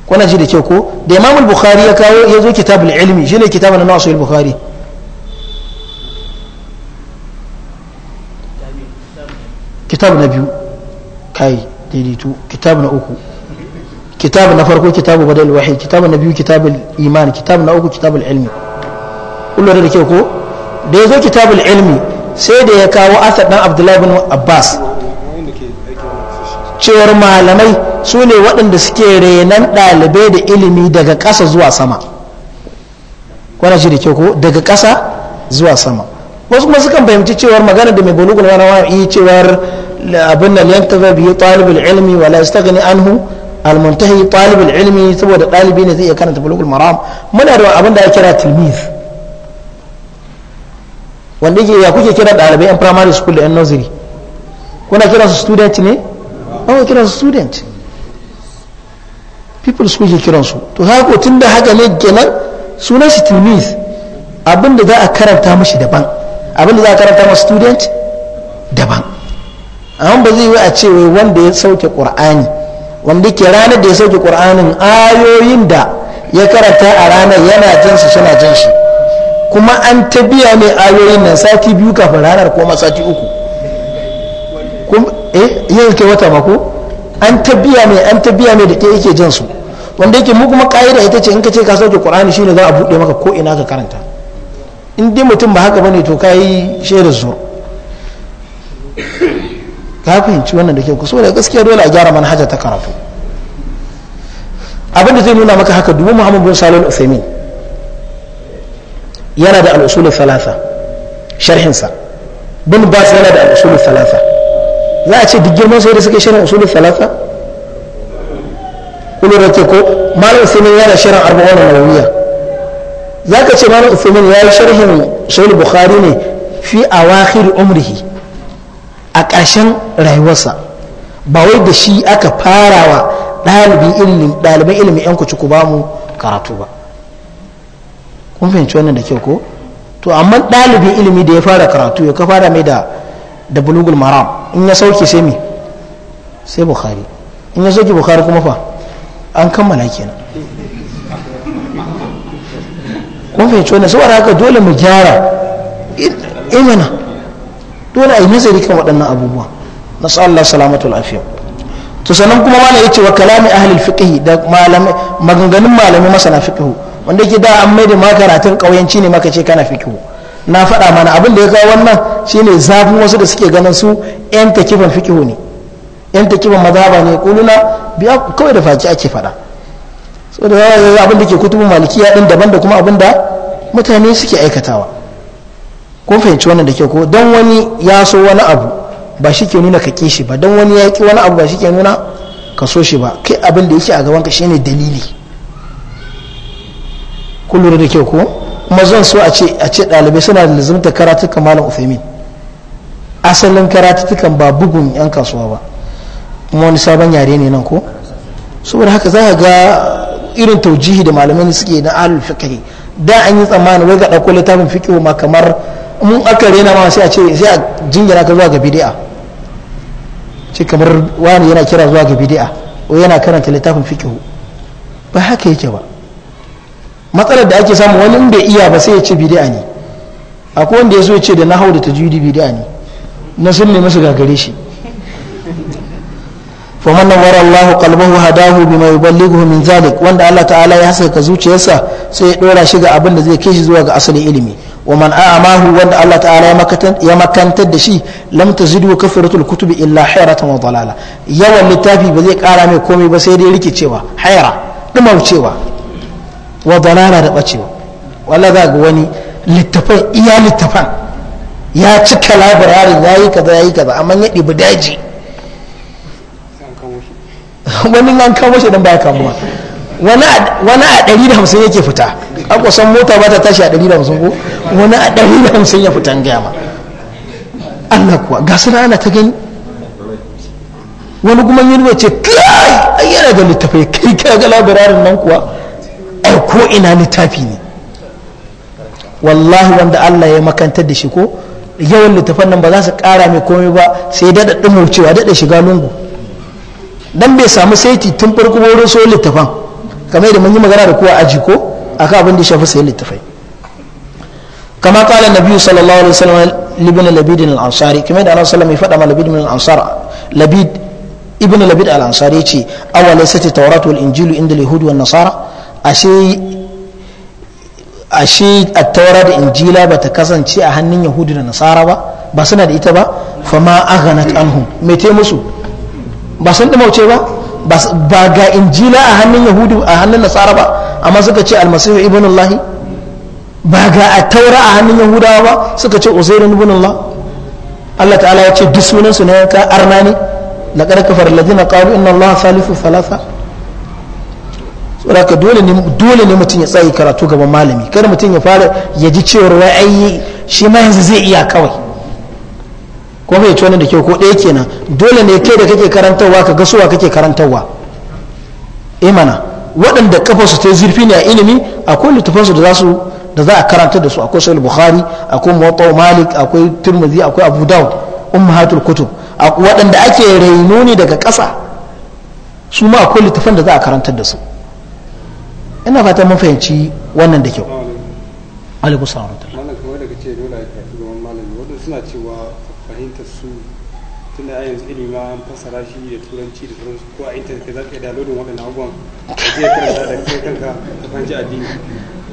kuna ji da kyau ko da imam bukhari ya kawo ya zo kitabul ilmi shine kitabun na nasu bukhari kitab na biyu kai daidaitu kitab na uku kitab na farko kitabu badal wahi kitabu na biyu kitabul iman kitabu na uku kitabul ilmi kullum da ke ko sai da ya kawo asar dan abdullahi bin abbas cewar malamai su ne waɗanda suke renan ɗalibai da ilimi daga ƙasa zuwa sama kwana shi da ke ko daga ƙasa zuwa sama wasu kuma sukan fahimci cewar magana da mai bulugul wani yi cewar abin da yantaza biyu talibul ilmi wala yastaghni anhu almuntahi talibul ilmi saboda dalibi ne zai iya karanta bulugul maram muna da abin da ya kira tilmiz wanda yake ya kuke kira dalibai yan primary school da yan nursery kuna kira su student ne an kira su student people su kuke kiran su to haka tun da haka ne kenan sunan shi tilmiz abin da za a karanta mashi daban abin da za a karanta ma student daban amma ba zai yi a ce wai wanda ya sauke qur'ani wanda ke ranar da ya sauke ƙur'anin ayoyin da ya karanta a ranar yana jin shi shana jin shi kuma an ta biya mai ayoyin nan sati biyu kafin ranar ko sati uku eh yau ke wata mako an ta biya mai an ta biya mai da ke yake jin su wanda yake mu kuma ka'ida ita ce in ka ce ka sauke ƙur'ani shine za a buɗe maka ko ina ka karanta in dai mutum ba haka bane to kai shaidar zuwa ka fahimci wannan da ke ku saboda gaskiya dole a gyara manhaja ta karatu abinda zai nuna maka haka dubu muhammad bin salih al yana da al-usul sharhinsa bin bas yana da al-usul thalatha za a ce duk girman sai da suke sharhin usul thalatha kullu da ke ko malam usaimin yana sharhin arba'un nawawiyya zaka ce malam usaimin ya yi sharhin sahih bukhari ne fi awakhir umrihi a ƙarshen rayuwarsa ba wai da shi aka farawa ɗaliban ilimin 'yan kuci ku ba mu karatu ba kun fahimci wannan da kyau ko to amma ɗalibin ilimi da ya fara karatu ya ka fara mai da da bulugul maram in ya sauke sai me sai bukhari in ya sauke bukhari kuma fa an kammala kenan kun fahimci wannan saboda haka dole mu gyara imana dole a yi nazari kan waɗannan abubuwa nasu Allah salamatul afiya to sannan kuma malam yace wa kalami ahli fiqh da malamai maganganun malamai masana fiqh wanda yake da an mai ma karatun kauyanci ne maka ce kana fiqh na faɗa mana abin da ya kawo wannan shine zafin wasu da suke ganin su yan takifan fiqh ne yan takifan mazhaba ne kuluna biya kawai da faki ake faɗa saboda abin da ke kutubun malikiya din daban da kuma abin da mutane suke aikatawa ko fahimci wannan da ke ko don wani ya so wani abu ba shi ke nuna ka ƙi shi ba don wani ya ƙi wani abu ba shi ke nuna ka so shi ba kai abin da yake a gaban ka ne dalili Kullum lura da ke ko kuma zan so a ce a ce ɗalibai suna da lazimta karatukan malam ufemin asalin karatukan ba bugun yan kasuwa ba kuma wani sabon yare ne nan ko saboda haka za ka ga irin taujihi da malamai suke na alul fiqh da an yi tsammanin wai ga ɗauko littafin fiqh ma kamar Mun aka rena ma sai a ce sai a jingira ka zuwa ga bid'a ce kamar wani yana kira zuwa ga bid'a ko yana karanta littafin fiqh ba haka yake ba matsalar da ake samu wani in bai iya ba sai ya ce bid'a ne akwai wanda ya so ya ce da hau da tajwidi bid'a ne na sun nemi su gagare shi Fa nawara Allah qalbahu hadahu bima بما min zalik wanda Allah Ta'ala Ya hasaka zuciyarsa sai ya dora shi ga abin da zai kai shi zuwa ga asalin ilimi wa man wanda Allah ta'ala ya makantar da shi lam tazidu kafiratul kutubi illa hayratan wa dalala yawan littafi ba zai kara mai komai ba sai dai rikicewa hayra dumaucewa wa dalala da bacewa wala za wani littafan iya littafan ya cika labirarin ya yi kaza ya yi kaza amma ya ɗibi daji wani an kamo shi wani a yake fita a kusan mota ba ta tashi a 150 ko wani a 150 ya fitan gama Allah kuwa ga suna ana ta gani wani kuma yin ce kai ai yana da littafai kai ka ga labirarin nan kuwa ai ko ina littafi ne wallahi wanda Allah ya makantar da shi ko yawan littafan nan ba za su kara mai komai ba sai dada cewa dada shiga lungu dan bai samu saiti tun farko wurin so littafan kamar yadda mun yi magana da kowa aji ko akan abin da ya shafi sayan littafai kama kala nabi sallallahu alaihi wasallam libin labid al ansari kuma da annabi sallallahu alaihi wasallam ya faɗa ma labid al ansar labid ibn labid al ansari yace awala sati tawrat wal injilu inda yahud wan nasara ashe ashe at-taura da injila bata kasance a hannun yahudu da nasara ba ba suna da ita ba fa ma aghanat anhum me te musu ba sun dumauce ba ba ga injila a hannun yahudu a hannun nasara ba amma suka ce almasihu ibn Allah ba ga a taura a hannun yahudawa ba suka ce uzairun ibn Allah Allah ta'ala ya ce duk sunansu na ka arna ne laqad kafara alladhina qalu inna Allah thalithu thalatha saboda dole ne dole ne mutum ya tsaye karatu gaban malami kada mutum ya fara ya ji cewar wai ai shi ma yanzu zai iya kawai ko bai tona da kyau ko ɗaya kenan dole ne kai da kake karantarwa ka ga suwa kake karantarwa imana eh waɗanda kafarsu ta zurfi ne a ilimi akwai littafansu da za su da za a karanta da su akwai sahih bukhari akwai muwatta malik akwai tirmidhi akwai abu daud ummahatul kutub waɗanda ake raino ne daga ƙasa su ma akwai littafan da za a karanta da su ina fatan mun fahimci wannan da kyau alaikum salam yace yanzu ilimi ma an fassara shi da turanci da turanci ko a intanet ka da lodin abubuwan da zai karanta da kai kanka ka fanci addini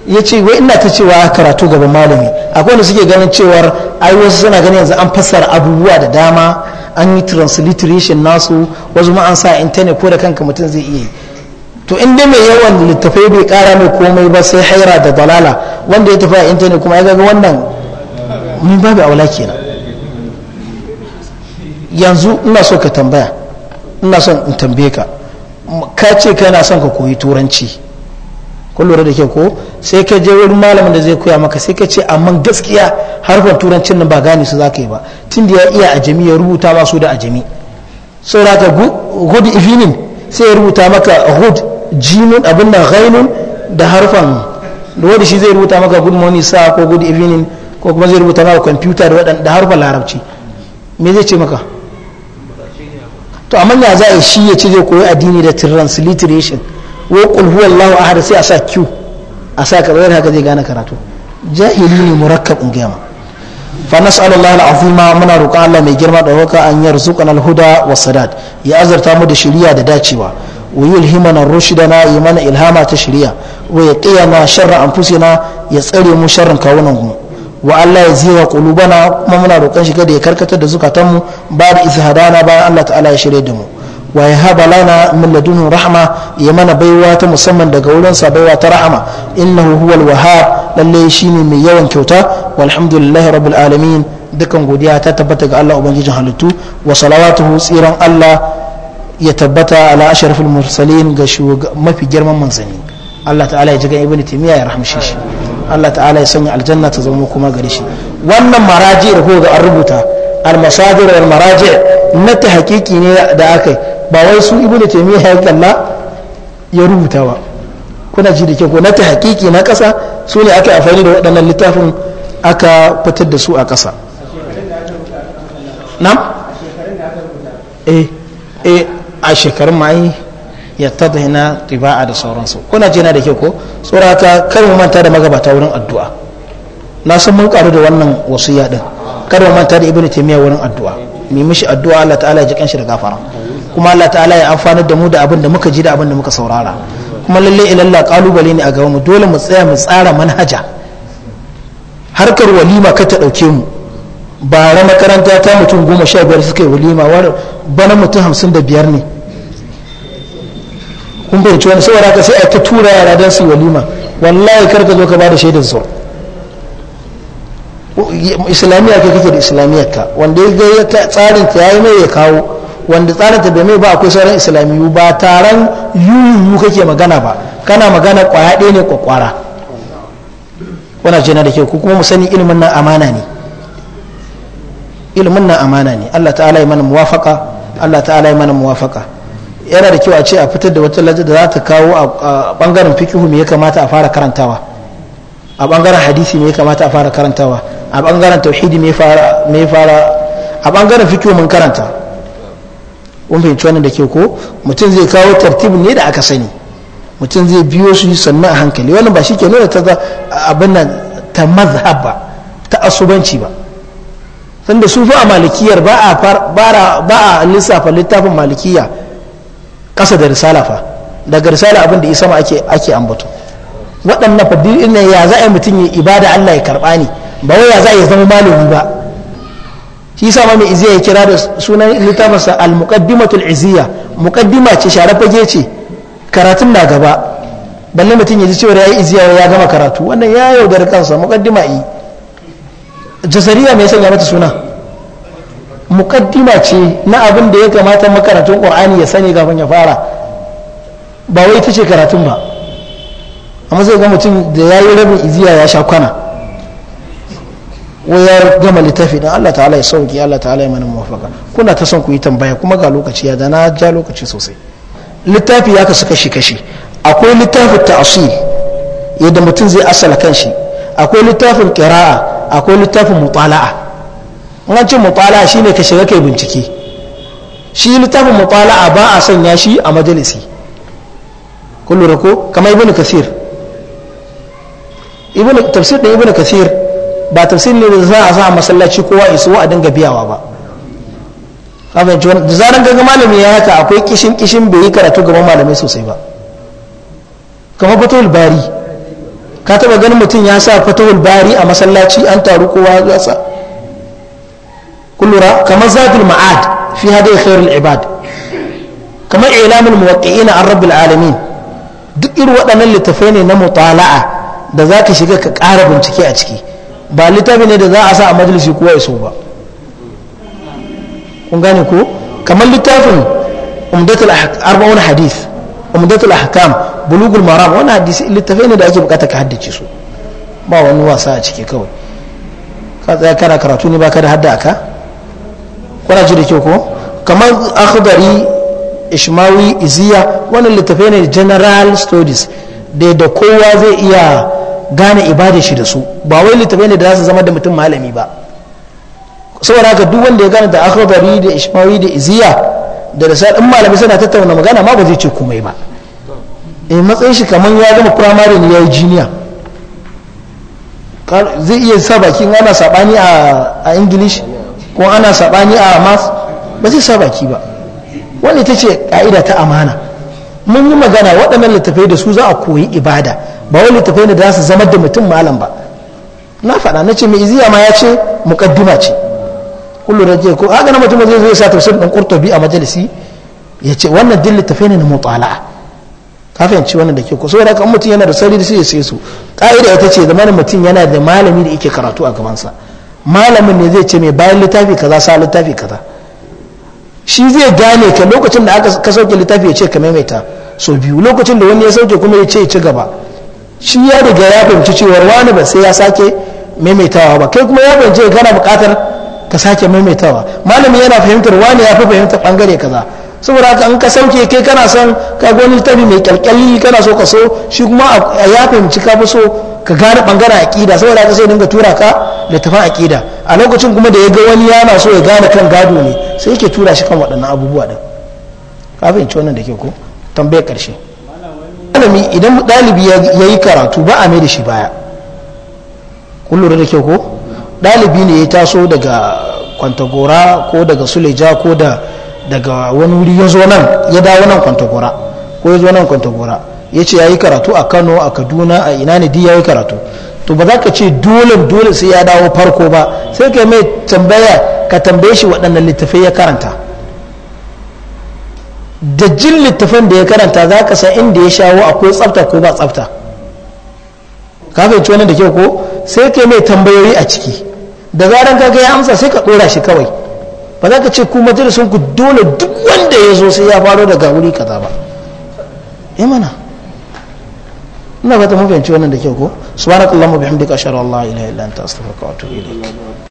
ya ce wai ina ta cewa karatu gaban malami akwai wanda suke ganin cewar ai wasu suna ganin yanzu an fassara abubuwa da dama an yi transliteration nasu wasu ma an sa intanet ko da kanka mutum zai iya yi to in dai mai yawan littafai bai kara mai komai ba sai haira da dalala wanda ya tafi a intanet kuma ya ga wannan mun babu aula kenan yanzu ina so ka tambaya ina son in tambaye ka ka ce kana son ka koyi turanci ko lura da ke ko sai ka je wurin malamin da zai koya maka sai ka ce amma gaskiya harkar turancin nan ba gane su za ka yi ba tun da ya iya ajami ya rubuta ba su da ajami saboda ka good evening sai ya rubuta maka good jinun abin da ghainun da harfan da wanda shi zai rubuta maka good morning sa ko good evening ko kuma zai rubuta maka computer da harfan larabci me zai ce maka to amma ya za a shi ya ce zai koyi addini da transliteration wa qul huwallahu ahad sai a sa q a sa ka bayar haka zai gane karatu jahili ne murakkab in gama fa nas'alu Allah al muna roƙa Allah mai girma da roƙa an yarzuqana al-huda wa sadat ya azarta mu da shiriya da dacewa wa yulhimana rushdana yi mana ilhama ta shiriya wa yaqiya ma sharra anfusina ya tsare mu sharrin kawunan mu wa Allah ya zira kulubana kuma muna roƙon shi kada ya karkatar da zukatanmu ba da izhadana bayan Allah ta'ala ya shirye da mu wa ya haba lana min ladunhu rahma ya mana baiwa ta musamman daga wurin sa baiwa ta rahama innahu huwal wahhab lalle shine mai yawan kyauta walhamdulillahi rabbil alamin dukan godiya ta tabbata ga Allah ubangijin halittu wa salawatuhu tsiran Allah ya tabbata ala ashrafil mursalin ga mafi girman manzanni Allah ta'ala ya ji ga ibnu taymiya ya rahamshe shi Allah ta'ala ya sanya aljanna ta zama kuma gare shi wannan maraji da ko ga an rubuta almasadir wal maraji na ta hakiki ne da aka yi ba wai su ibnu taymiya kalla ya rubuta ba kuna ji da ko na ta hakiki na kasa su ne aka amfani da waɗannan littafin aka fitar da su a kasa nam eh eh a shekarun ya tadhina tiba'a da sauransu kuna jina da ke ko tsoraka kar mu manta da magabata wurin addu'a na san mun karu da wannan wasiya din kar mu manta da ibnu taymiya wurin addu'a mu mishi addu'a Allah ta'ala ya ji kanshi da gafara kuma Allah ta'ala ya amfanar da mu da abin da muka ji da abin da muka saurara kuma lalle ilalla kalubale ne a gaban mu dole mu tsaya mu tsara manhaja harkar walima ka ta dauke mu bara makaranta ta mutum goma sha biyar suka yi walima bana mutum hamsin da biyar ne kun fahimci wani saboda haka sai a ta tura yara don su yi walima wallahi kar ka zo ka bada shaidar su islamiyya ke kake da islamiyya ka wanda ya ga tsarin ta yayi mai ya kawo wanda tsarin ta bai mai ba akwai sauran islamiyu ba taron yuyuyu kake magana ba kana magana kwaya ɗaya ne kwakwara wana ce na da ke ku kuma mu sani ilimin nan amana ne ilimin nan amana ne Allah ta'ala ya mana muwafaka Allah ta'ala ya mana muwafaka yana da kyau a ce a fitar da wata lajar da za ta kawo a bangaren fikihu me ya kamata a fara karantawa a bangaren hadisi me ya kamata a fara karantawa a bangaren tauhidi me ya fara a bangaren fikihu mun karanta kun fahimci wannan da ke ko mutum zai kawo tartibin ne da aka sani mutum zai biyo su sannan a hankali wannan ba shi ke nuna ta abin nan ta mazhab ba ta asubanci ba sanda su fa a malikiyar ba a lissafa littafin malikiya ƙasa da risala fa daga risala abin da isama ake ake ambato waɗannan fadirin ne ya za a mutum ya ibada Allah ya karɓa ni ba wai ya za a ya zama malami ba shi yasa ma mai iziya ya kira da sunan littafinsa al-muqaddimatul iziya muqaddima ce share fage ce karatun na gaba balle mutum ya ji cewa ya yi iziya ya gama karatu wannan ya yaudar kansa muqaddima yi jasariya mai sanya mata suna mukaddima ce na abin da ya kamata makarantun ƙur'ani ya sani kafin ya fara ba wai ta ce karatun ba amma sai ga mutum da ya yi rabin iziya ya sha kwana wai ya gama littafi don Allah ta'ala ya sauki Allah ta'ala ya mana mafaka kuna ta son ku yi tambaya kuma ga lokaci ya dana na ja lokaci sosai littafi ya kasu kashi kashi akwai littafin ta'asil yadda mutum zai asala kan shi akwai littafin kira'a akwai littafin mutala'a an ce shi ne ka shiga kai bincike shi littafin mutala ba a sanya shi a majalisi kun lura ko kamar ibn kasir ibn tafsir da ibn kasir ba tafsir ne da za a sa masallaci kowa iso a dinga biyawa ba kafin ci da zaran gaga malami ya haka akwai kishin kishin bai yi karatu gaban malamai sosai ba kamar Fatawul bari ka taba ganin mutum ya sa Fatawul bari a masallaci an taru kowa ya sa kullura kamar zadul ma'ad fi hadai khairul ibad kamar ilamul muwaqqi'in an rabbil alamin duk irin waɗannan littafai ne na mutala'a da za ka shiga ka ƙara bincike a ciki ba littafi ne da za a sa a majalisi kowa iso ba kun gane ko kamar littafin umdatul arba'un hadith umdatul ahkam bulugul maram wannan hadisi littafai ne da ake bukata ka haddace su ba wani wasa a ciki kawai ka tsaya kana karatu ne baka da hadda aka kuna ji da kyau ko kamar akhbari ishmawi iziya wannan littafai ne general studies da da kowa zai iya gane ibada shi da su ba wai littafai ne da za su zama da mutum malami ba saboda haka duk wanda ya gane da akhbari da ishmawi da iziya da da in malami suna tattauna magana ma ba zai ce komai ba eh matsayin shi kamar ya gama primary ne ya yi jiniya zai iya sa bakin ana sabani a english ko ana sabani a mas ba zai sa baki ba wani ita ce ka'ida ta amana mun yi magana waɗannan littafai da su za a koyi ibada ba wani littafai ne da za su zama da mutum malam ba na faɗa na ce mai iziya ma ya ce muƙaddima ce kullum da ko haka na mutum zai zo ta sa tafsir ɗin ƙurtobi a majalisi ya ce wannan din littafai ne na mutala ka fahimci wannan da ke ko saboda kan mutum yana da sauri da sai ya sai su ƙa'ida ita ce zamanin mutum yana da malami da yake karatu a gabansa malamin ne zai ce mai bayan littafi kaza sa littafi kaza shi zai gane ka lokacin da aka ka sauke littafi ya ce ka maimaita so biyu lokacin da wani ya sauke kuma ya ce ya ci gaba shi ya riga ya fahimci cewa wani ba sai ya sake maimaitawa ba kai kuma ya fahimci kana buƙatar ka sake maimaitawa malamin yana fahimtar wani ya fi fahimtar bangare kaza saboda haka in ka sauke kai kana son ka wani littafi mai kyalkyali kana so ka so shi kuma ya fahimci ka fi so ka gane bangaren aƙida saboda haka sai dinga tura ka littafin aƙida a lokacin kuma da ya ga wani yana so ya gane kan gado ne sai yake tura shi kan waɗannan abubuwa din ka fahimci wannan da ke ko tambayar ƙarshe malami idan ɗalibi ya yi karatu ba a mai da shi baya kun da ke ko ɗalibi ne ya taso daga kwantagora ko daga suleja ko da daga wani wuri ya zo nan ya dawo nan kwantagora ko ya zo nan kwantagora ya ce ya yi karatu a kano a kaduna a ina ne ya yi karatu to ba za ka ce dole dole sai ya dawo farko ba sai ka mai tambaya ka tambaye shi waɗannan littafai ya karanta da jin littafin da ya karanta za ka san inda ya shawo akwai tsafta ko ba tsafta ka fahimci wani da kyau ko sai ka mai tambayoyi a ciki da zaran ka ga ya amsa sai ka ɗora shi kawai ba za ka ce ku majalisun ku dole duk wanda ya zo sai ya faro daga wuri kaza ba eh mana. ina ba ta mun fahimci wannan da kyau ko subhanakallahumma bihamdika ashhadu an la ilaha illa anta astaghfiruka wa atubu ilaik